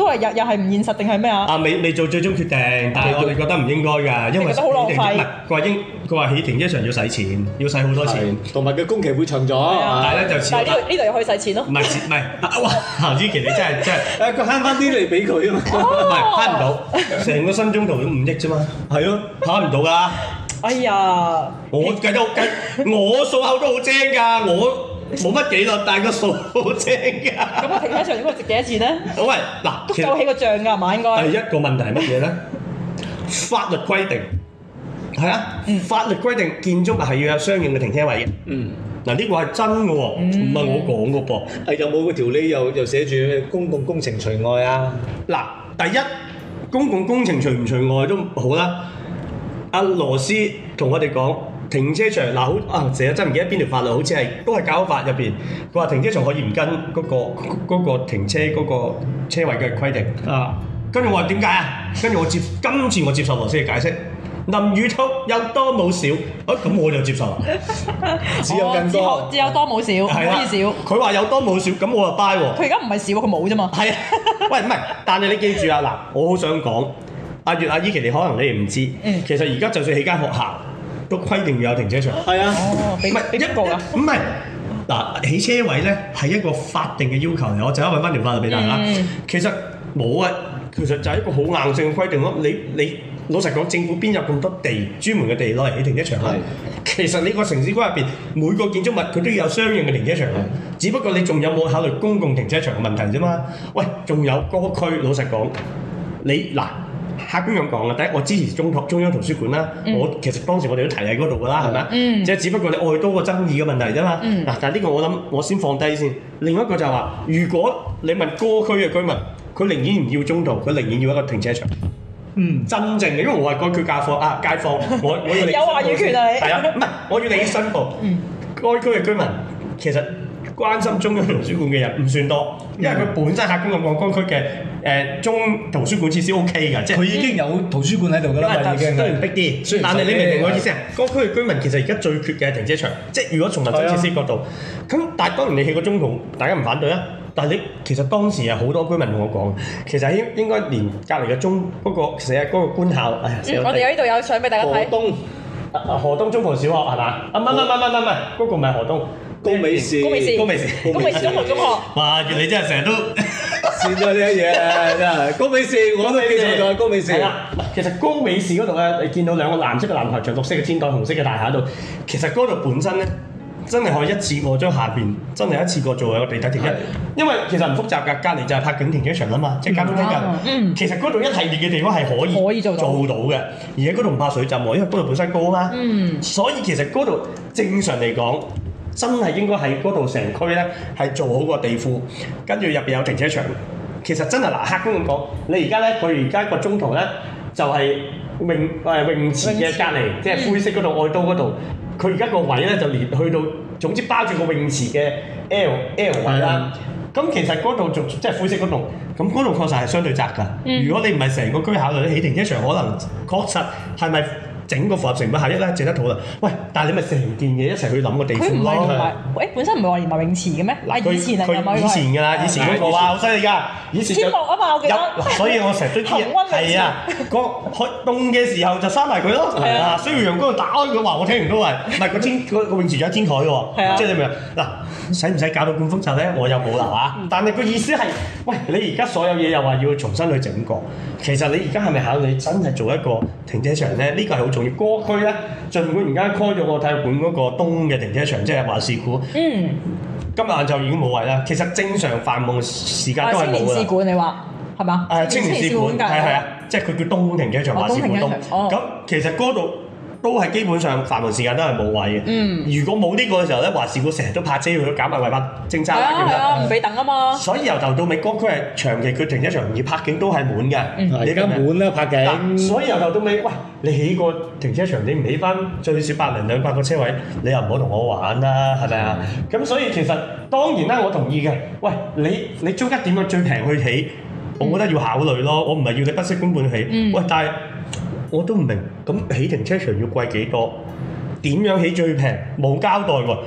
都係又又係唔現實定係咩啊？啊，未未做最終決定，但係我哋覺得唔應該㗎，因為起停唔係佢話應佢話起停車場要使錢，要使好多錢，動物嘅工期會長咗，但係咧就此。但係呢呢度又可以使錢咯？唔係唔係，哇！呢期你真係真係誒，佢慳翻啲嚟俾佢啊嘛，慳唔到，成個新中圖都五億啫嘛，係咯，慳唔到㗎。哎呀，我計都計，我數口都好精㗎，我。冇乜記錄，但係個數好正㗎。咁個停車場應該值幾多錢咧？好嘞啊，嗱實，都實夠起個帳㗎嘛，應該。第一個問題係乜嘢咧？ [laughs] 法律規定係 [laughs] 啊，法律規定建築係要有相應嘅停車位嘅。嗯。嗱呢個係真㗎喎，唔係我講嘅噃。誒、嗯、有冇個條例又又寫住公共工程除外啊？嗱，第一公共工程除唔除外都好啦。阿、啊、羅斯同我哋講。停車場嗱好啊，成日真唔記得邊條法律，好似係都係教育法入邊。佢話停車場可以唔跟嗰、那個停車嗰、那個車位嘅規定。啊，跟住話點解啊？跟住 [laughs] 我接今次我接受羅生嘅解釋。林宇滔有多冇少？啊咁我就接受。只有更多， [laughs] 哦、只，有只有多冇少， [laughs] 啊、可以少。佢話有多冇少，咁我就 buy 喎、啊。佢而家唔係少，佢冇啫嘛。係、 [laughs] 啊，喂唔係，但係你記住啊！嗱，我好想講，阿月、阿依琪，你可能你哋唔知， [laughs] 其實而家就算起間學校，都規定要有停車場，係啊，唔係、啊、是一個噶，唔係嗱，起車位咧係一個法定嘅要求嚟，我陣間搵翻條法律俾大家啦。嗯、其實冇啊，其實就係一個好硬性嘅規定咯。你你老實講，政府邊有咁多地專門嘅地攞嚟起停車場啊？是其實你個城市區入面，每個建築物佢都有相應嘅停車場，是只不過你仲有冇考慮公共停車場嘅問題啫嘛？喂，仲有郊區，老實講，你嗱。客觀咁講啊，第一我支持中圖中央圖書館啦，我其實當時我哋都提喺嗰度㗎啦，係咪？即係只不過你愛多過爭議嘅問題啫嘛。嗱，但係呢個我諗我先放低先。另一個就係話，如果你問該區嘅居民，佢寧願唔要中圖，佢寧願要一個停車場。嗯，真正嘅因為我話該區街坊啊，街坊，我我要你有話語權啊，係啊，唔係，我要你申報，該區嘅居民其實。關心中央圖書館嘅人唔算多，因為佢本身客觀咁講，該區嘅誒中圖書館設施 O K 㗎，即係佢已經有圖書館喺度㗎啦，雖然逼啲，但係以你明唔明我意思啊？該區嘅居民其實而家最缺嘅係停車場，即係如果從民生設施角度，咁、嗯、但係當然你去個中同大家唔反對啊？但係你其實當時有好多居民同我講，其實應應該連隔離嘅中嗰其實嗰個官校，我哋喺度有相俾大家睇，何東何、啊、東中葡小學係嘛？啊唔唔唔唔唔唔，嗰個唔係何東。高美士，高美士，高美士，高美士中學中學。哇！原來你真係成日都算咗呢啲嘢，真係高美士我都你度做咗。高美士。嗱，其實高美士嗰度咧，你見到兩個藍色嘅籃球場，綠色嘅天台，紅色嘅大廈度，其實嗰度本身咧，真係可以一次過將下邊真係一次過做有個地底停，因為其實唔複雜噶，隔籬就係柏景停車場啊嘛，即係交通接近。嗯。其實嗰度一系列嘅地方係可以可以做到做到嘅，而且嗰度唔怕水浸喎，因為嗰度本身高啊嘛。嗯。所以其實嗰度正常嚟講。真係應該喺嗰度成區咧，係做好個地庫，跟住入邊有停車場。其實真係嗱，客觀咁講，你而家咧，佢而家一個鐘頭咧，就係泳誒泳池嘅隔離，即係池灰色嗰度愛都嗰度，佢而家個位咧就連去到，總之包住個泳池嘅 L L 位啦。咁池其實嗰度仲即係灰色嗰度，咁嗰度確實係相對窄㗎。嗯、如果你唔係成個區考慮起停車場可能確實係咪？整個符合成本效益呢，值得討論。喂，但係你咪成件嘢一齊去諗個地方咯。佢本身唔係話連埋泳池嘅咩？以前啊，以前嘅啦，以前嗰套話好犀利㗎。以前所以我成日都見，係啊，個佢凍嘅時候就閂埋佢咯。係啊，需要陽光打開佢話我聽唔到啊。唔係個天個泳池仲有天台喎。即係你明啦。嗱，使唔使搞到咁複雜咧？我又冇啦嚇。但係個意思係，喂，你而家所有嘢又話要重新去整個，其實你而家係咪考慮真係做一個停車場咧？呢個係好重。歌區呢，儘管而家開咗個體育館嗰個東嘅停車場，即係華士館。嗯。今日晏晝已經冇位啦。其實正常繁忙時間都係冇㗎啦。華士館你話係嘛？誒，青年市館係啊，即係佢叫東停車場、哦、華士館。東咁、哦哦、其實嗰度。都係基本上繁忙時間都係冇位嘅。嗯、如果冇呢個嘅時候咧，話事佢成日都泊車，去都減埋違泊政策。係啊，唔俾、啊、吧等啊嘛。所以由頭到尾，嗰區係長期缺停車場，而拍景都係滿嘅。而家滿啦拍景。所以由頭到尾，喂，你起個停車場，你唔起翻最少百零兩百個車位，你又唔好同我玩啦，係咪啊？咁、嗯、所以其實當然啦，我同意嘅。喂，你你租金點樣最平去起？嗯、我覺得要考慮咯，我唔係要你不惜成本起、嗯喂。喂，但係。我都唔明，咁起停車場要貴幾多？點樣起最平？冇交代喎、啊，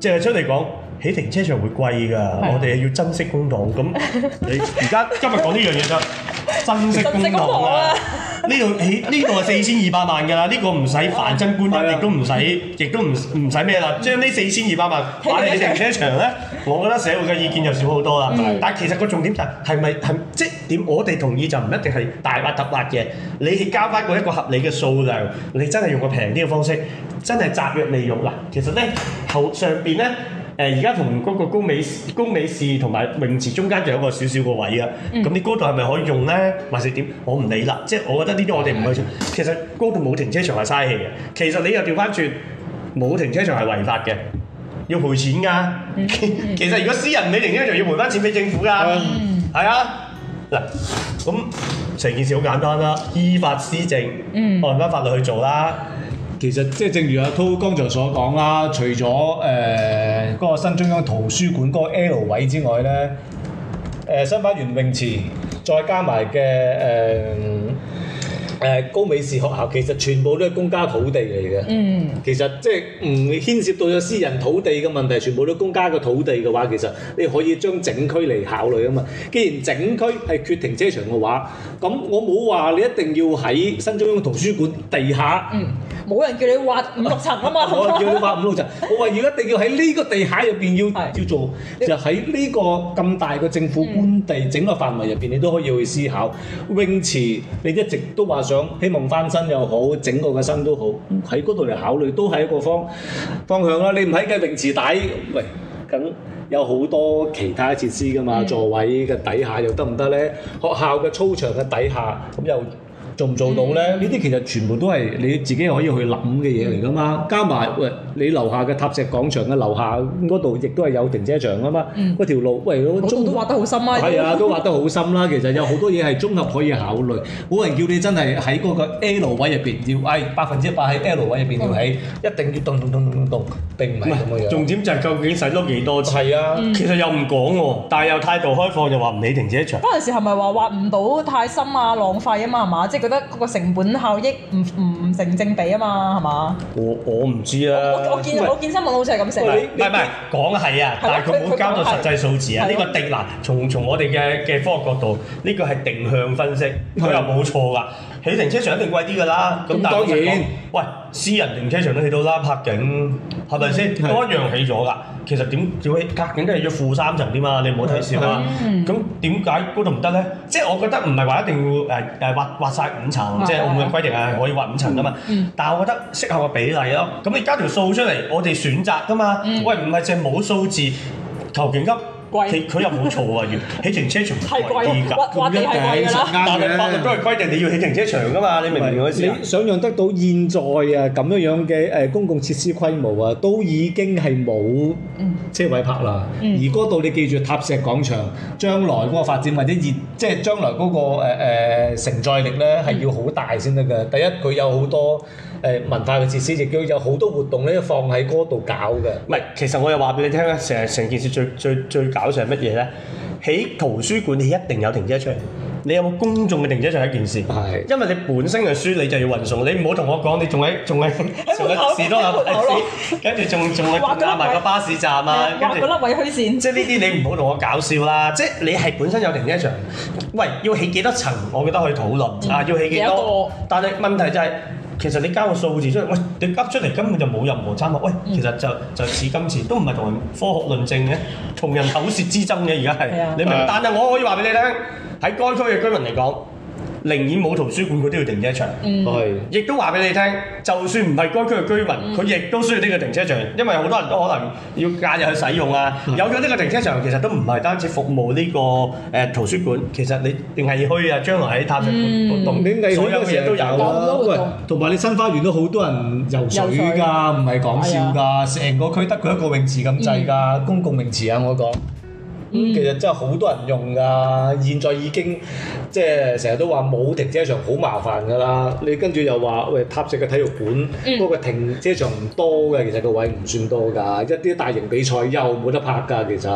淨係出嚟講。你停車場會貴㗎，是的 我哋要珍惜公帑。咁、嗯、你而家今日講呢樣嘢就珍惜公帑啊！ [laughs] 呢度呢度係四千二百萬㗎啦，呢、啊、個唔使凡真觀音，是的 亦都唔使，嗯、亦都唔唔使咩啦。將呢四千二百萬擺喺是的 停車場咧，我覺得社會嘅意見就少好多啦。嗯、但係其實個重點就係咪係即點？我哋同意就唔一定係大把特揼嘅，你係交翻過一個合理嘅數量，你真係用個平啲嘅方式，真係集約利用嗱。其實咧後上邊咧。誒而家同嗰個高美、高美士同埋泳池中間仲有一個少少個位啊，咁啲、嗯、高度係咪可以用咧？還是點？我唔理啦，即、就、係、是、我覺得呢啲我哋唔該做。其實高度冇停車場係嘥氣嘅，其實你又調翻轉冇停車場係違法嘅，要賠錢噶。嗯、 [laughs] 其實如果私人冇停車場，要還翻錢俾政府噶，係、嗯、啊嗱，咁成件事好簡單啦、啊，依法施政，嗯、按翻法律去做啦。其實即係正如阿濤剛才所講啦，除咗誒嗰個新中央圖書館嗰個 L 位之外咧，誒新花園泳池，再加埋嘅誒誒高美士學校，其實全部都係公家土地嚟嘅。嗯，其實即係唔牽涉到咗私人土地嘅問題，全部都公家嘅土地嘅話，其實你可以將整區嚟考慮啊嘛。既然整區係缺停車場嘅話，咁我冇話你一定要喺新中央圖書館地下。嗯。冇人叫你挖五六層啊嘛！我叫你挖五六層， [laughs] 我話要一定要喺呢個地下入邊要要做，是就喺呢個咁大嘅政府官地整個範圍入邊，嗯、你都可以去思考泳池，你一直都話想希望翻新又好，整個個新都好，喺嗰度嚟考慮都係一個方方向啦。 [laughs] 你唔喺嘅泳池底，喂，咁有好多其他設施噶嘛？嗯、座位嘅底下又得唔得咧？學校嘅操場嘅底下咁又？做唔做到咧？呢啲其實全部都係你自己可以去諗嘅嘢嚟㗎嘛。加埋喂，你樓下嘅塔石廣場嘅樓下嗰度亦都係有停車場㗎嘛。嗰條路喂，都挖得好深啊！係啊，都挖得好深啦。其實有好多嘢係綜合可以考慮。冇人叫你真係喺嗰個 L 位入邊要，係百分之百喺 L 位入邊要起，一定要動動動動動，並唔係咁嘅樣。重點就係究竟使多幾多？係啊，其實又唔講喎，但係又態度開放，又話唔起停車場。嗰陣時係咪話挖唔到太深啊？浪費啊嘛，係嘛？即覺得嗰個成本效益唔唔成正比啊嘛，係嘛？我我唔知啊。我我見我見新聞好似係咁寫，唔係唔係講係啊， [music] 但係佢冇交到實際數字啊。呢個定嗱， [music] 從從我哋嘅嘅科學角度，呢個係定向分析，佢又冇錯噶。 [music] 起停車場一定貴啲㗎啦，咁當然，喂，私人停車場都起到啦，拍景係咪先？都一樣起咗㗎。其實點要起監景都係要負三層㗎嘛，你唔好睇小啊。咁點解嗰度唔得咧？即我覺得唔係話一定要誒誒挖五層，即係澳門規定啊，可以挖五層㗎嘛。但係我覺得適合嘅比例咯。咁你加條數出嚟，我哋選擇㗎嘛。喂，唔係淨冇數字求其噏。佢又冇錯啊！要起停車場太貴㗎，規劃係貴㗎，但係規劃都係貴，規定你要起停車場㗎嘛，你明唔明我意思？你想象得到現在啊咁樣樣嘅誒公共設施規模啊，都已經係冇車位泊啦。嗯、而嗰度你記住，塔石廣場將來嗰個發展或者熱，即、就、係、是、將來嗰、那個誒承載力咧，係要好大先得㗎。第一，佢有好多。誒文化嘅設施亦都有好多活動咧，放喺嗰度搞嘅。唔係，其實我又話俾你聽咧，成成件事最最最搞笑係乜嘢咧？起圖書館，你一定有停車場。你有冇公眾嘅停車場一件事？係是。因為你本身嘅書你就要運送，你唔好同我講你仲喺仲喺仲喺士多牌 [laughs] [laughs] 有，跟住仲仲加埋個巴士站啊，架嗰粒委區線。即係呢啲你唔好同我搞笑啦！即係 [laughs] 你係本身有停車場。喂，要起幾多層？我覺得可以討論啊！嗯、要起幾多？但係問題就係、是。其實你交個數字出嚟，你噏出嚟根本就冇任何參考，其實就就似今次都唔係同人科學論證嘅，同人口舌之爭嘅而家係， [laughs] 你明？但係 [laughs] 我可以話俾你聽，喺該區嘅居民嚟講。寧願冇圖書館，佢都要停車場。係、嗯，亦都話俾你聽，就算唔係該區嘅居民，佢、嗯、亦都需要呢個停車場，因為好多人都可能要駕入去使用啊。嗯、有咗呢個停車場，其實都唔係單止服務呢個誒圖書館，其實你藝墟啊，將來喺塔石活動，嗯、所有嘢都有啦。同埋你新花園都好多人游水㗎，唔係講笑㗎，成、哎、呀 個區得佢一個泳池咁滯㗎，嗯、公共泳池啊，我講。咁、嗯、其實真係好多人用㗎，現在已經即係成日都話冇停車場好麻煩㗎啦。你跟住又話喂，塔石嘅體育館嗰、嗯、個停車場唔多嘅，其實個位唔算多㗎，一啲大型比賽又冇得泊㗎，其實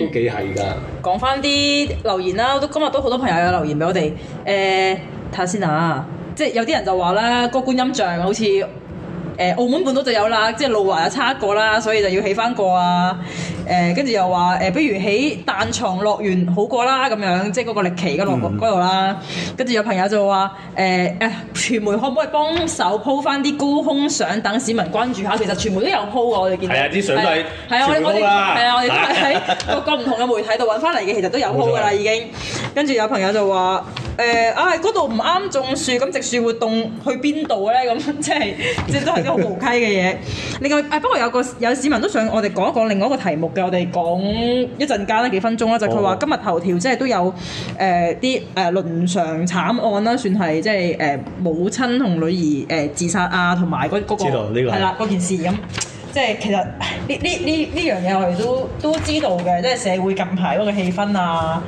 都幾係㗎。嗯、講翻啲留言啦，今都今日都好多朋友有留言俾我哋。誒、呃，睇下先啊，即係有啲人就話啦，個觀音像好似誒、呃、澳門半島就有啦，即係路環又差一個啦，所以就要起翻個啊。誒跟住又話誒，不、呃、如喺彈床樂園好過啦，咁樣即係嗰個力奇嘅樂閣嗰度啦。跟住、嗯、有朋友就話誒誒，傳媒可唔可以幫手鋪翻啲高空相，等市民關注下？其實傳媒都有鋪嘅，我哋見到。係啊，啲相都係啊，我哋我哋係啊，我哋都係喺各個唔同嘅媒體度揾翻嚟嘅，其實都有鋪嘅啦 [laughs] 已經。跟住有朋友就話。誒，啊、哎，嗰度唔啱種樹，咁植樹活動去邊度咧？咁即係即係都係啲好無稽嘅嘢。 [laughs] 另外，誒、哎，不過有個有市民都想我哋講一講另外一個題目嘅，我哋講一陣間啦，幾分鐘啦，哦、就佢話今日頭條即係都有誒啲誒倫常慘案啦，算係即係誒、呃、母親同女兒誒、呃、自殺啊，同埋嗰嗰個係啦嗰件事咁，即係其實呢呢呢呢樣嘢我哋都都知道嘅，即係社會近排嗰個氣氛啊。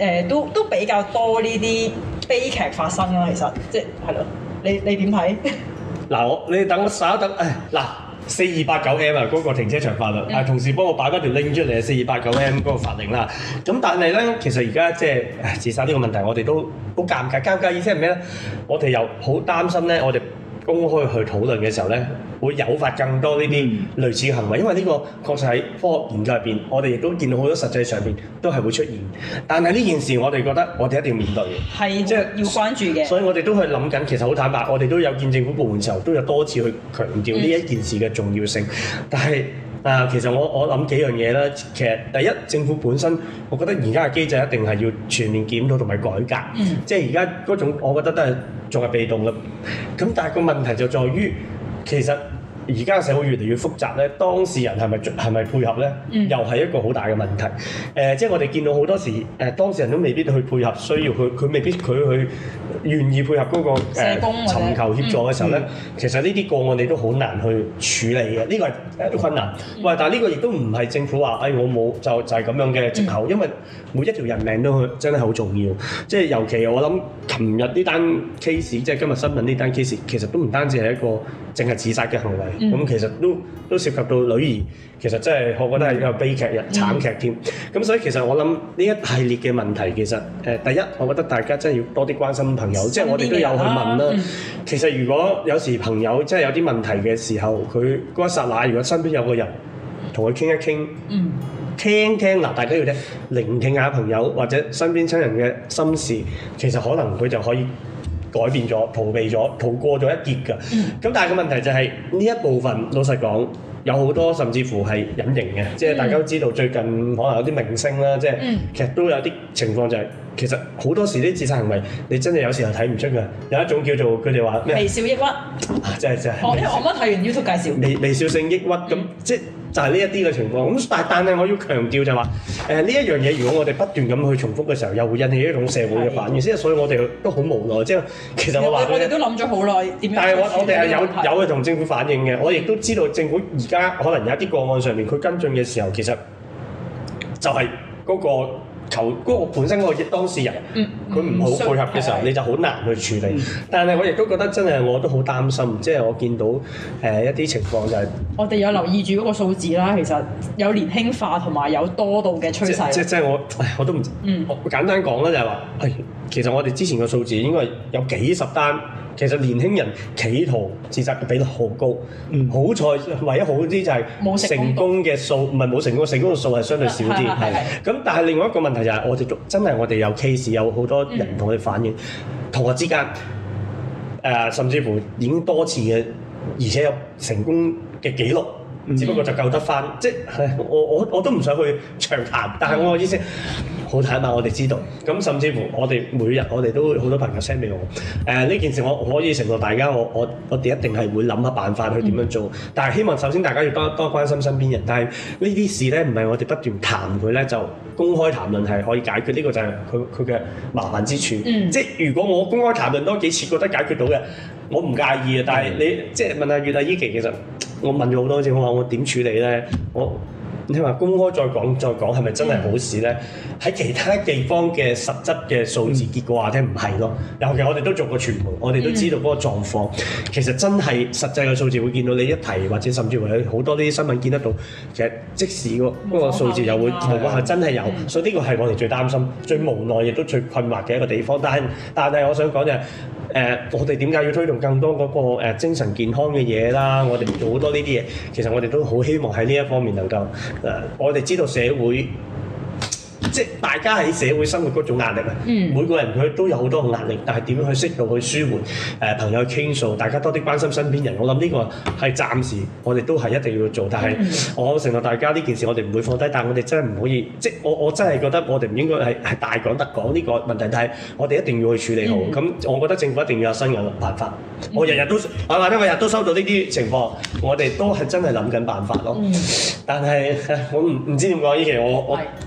誒都都比較多呢啲悲劇發生啦，其實即係咯，你你點睇？嗱，我你等我稍等，誒嗱四二八九 M 啊嗰個停車場法律啊，嗯、同事幫我擺嗰條 link 出嚟，四二八九 M 嗰個法令啦。咁 [laughs] 但係咧，其實而家即係自殺呢個問題，我哋都好尷尬，尷尬意，意思係咩咧？我哋又好擔心咧，我哋。公開去討論嘅時候呢，會誘發更多呢啲類似行為，因為呢個確實喺科學研究入邊，我哋亦都見到好多實際上邊都係會出現。但係呢件事，我哋覺得我哋一定要面對嘅，係即係要關注嘅、就係。所以我哋都去諗緊，其實好坦白，我哋都有見政府部門時候，都有多次去強調呢一件事嘅重要性，但係。啊，其實我我諗幾樣嘢咧。其實第一，政府本身，我覺得而家嘅機制一定係要全面檢討同埋改革。嗯。即係而家嗰種，我覺得都係仲係被動啦。咁但係個問題就在於，其實。而家嘅社會越嚟越複雜咧，當事人係咪係咪配合咧？又係一個好大嘅問題。誒、呃，即係我哋見到好多時，誒、呃、當事人都未必去配合，需要佢佢未必佢去願意配合嗰、那個誒、呃、尋求協助嘅時候咧，其實呢啲個案你都好難去處理嘅，呢、嗯、個係困難。喂、嗯，嗯、但係呢個亦都唔係政府話，誒、哎、我冇就就係咁樣嘅藉口，嗯、因為每一條人命都真係好重要。即係尤其我諗，琴日呢單 case，即係今日新聞呢單 case，其實都唔單止係一個淨係自殺嘅行為。咁、嗯、其實都都涉及到女兒，其實真係我覺得係一個悲劇、人、嗯、慘劇添。咁、嗯、所以其實我諗呢一系列嘅問題，其實誒、呃、第一，我覺得大家真係要多啲關心朋友，即係、啊、我哋都有去問啦、啊。嗯、其實如果有時朋友真係有啲問題嘅時候，佢嗰一剎那，如果身邊有個人同佢傾一傾，嗯，聽聽啊，大家要聽，聆聽下朋友或者身邊親人嘅心事，其實可能佢就可以改變咗，逃避咗，逃過咗一劫㗎。咁、嗯、但係個問題就係、是、呢一部分，老實講，有好多甚至乎係隱形嘅，即係、嗯、大家都知道最近可能有啲明星啦，即係其實都有啲情況就係、是。其實好多時啲自殺行為，你真係有時候睇唔出嘅。有一種叫做佢哋話咩？微笑抑鬱，啊、真係真係。哦、 [laughs] 我啱啱睇完 YouTube 介紹，微微笑性抑鬱咁，嗯、即係就係呢一啲嘅情況。咁但係，但係我要強調就話，誒呢一樣嘢，如果我哋不斷咁去重複嘅時候，又會引起一種社會嘅反應，的所以我哋都好無奈。即係其實我話，我哋都諗咗好耐點樣處理。但係我我哋係有有去同政府反映嘅，我亦都知道政府而家可能有一啲個案上面佢跟進嘅時候，其實就係嗰、那個。求嗰本身嗰、那個當事人，佢唔、嗯、好配合嘅時候，你就好難去處理。嗯、但係我亦都覺得真係我都好擔心，即、就、係、是、我見到誒、呃、一啲情況就係、是、我哋有留意住嗰個數字啦。其實有年輕化同埋有多度嘅趨勢。嗯、即即係我，我都唔。嗯。簡單講啦就係、是、話，其實我哋之前嘅數字應該有幾十單，其實年輕人企圖自殺嘅比率好高。嗯、好彩唯一好啲就係、是、冇成功嘅數，唔係冇成功，成功嘅數係相對少啲。係咁，但係另外一個問題。 [music] [music] [music] 係啊！我哋真係我哋有 case，有好多人我、嗯、同我反映，同學之間誒、呃，甚至乎已經多次嘅，而且有成功嘅記錄，只不過就救得翻。即係我我我都唔想去長談，但係我意思。嗯好坦白，我哋知道，咁甚至乎我哋每日我哋都好多朋友 send 俾我，誒、呃、呢件事我，我可以承諾大家，我我我哋一定係會諗下辦法去點樣做。嗯、但係希望首先大家要多多關心身邊人。但係呢啲事咧，唔係我哋不斷談佢咧，就公開談論係可以解決呢、呢個就係佢佢嘅麻煩之處。嗯、即係如果我公開談論多幾次，覺得解決到嘅，我唔介意啊。但係你、嗯、即係問下月係依期，其實我問咗好多次，我話我點處理咧，我。我你話公開再講再講係咪真係好事呢？喺、嗯、其他地方嘅實質嘅數字結果話、嗯、聽唔係咯。尤其我哋都做過傳媒，我哋都知道嗰個狀況。嗯、其實真係實際嘅數字會見到你一提，或者甚至係好多啲新聞見得到。其實即使個嗰個數字又會冇話、嗯、真係有，嗯、所以呢個係我哋最擔心、最無奈亦都最困惑嘅一個地方。但但係我想講就。誒、呃，我哋點解要推動更多嗰、那個誒、呃、精神健康嘅嘢啦？我哋做好多呢啲嘢，其實我哋都好希望喺呢一方面能夠，誒、呃，我哋知道社會。即係大家喺社會生活嗰種壓力啊，嗯、每個人佢都有好多嘅壓力，但係點樣去適度去舒緩，誒、呃、朋友傾訴，大家多啲關心身邊人。我諗呢個係暫時我哋都係一定要做，但係我承諾大家呢件事我哋唔會放低。但係我哋真係唔可以，即我我真係覺得我哋唔應該係係大講特講呢個問題，但係我哋一定要去處理好。咁、嗯、我覺得政府一定要有新嘅辦法。我日日都係、嗯、啊，或者日日都收到呢啲情況，我哋都係真係諗緊辦法咯。嗯、但係我唔唔知點講，依期我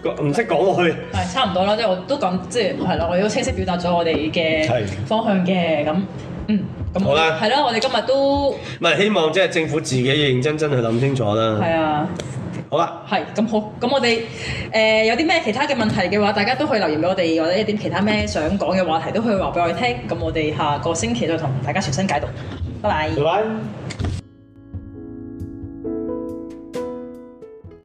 我唔識講。係你差唔多啦，即係我都講，即係係啦，我都清晰表達咗我哋嘅方向嘅咁，對嗯，咁係咯，我哋今日都唔係希望即係政府自己認真真去諗清楚啦。係啊，好啦吧，係咁好，咁我哋誒、呃、有啲咩其他嘅問題嘅話，大家都可以留言俾我哋，或者一點其他咩想講嘅話題都可以話俾我哋聽。咁我哋下個星期再同大家全新解讀傳新解毒。拜拜。Bye bye.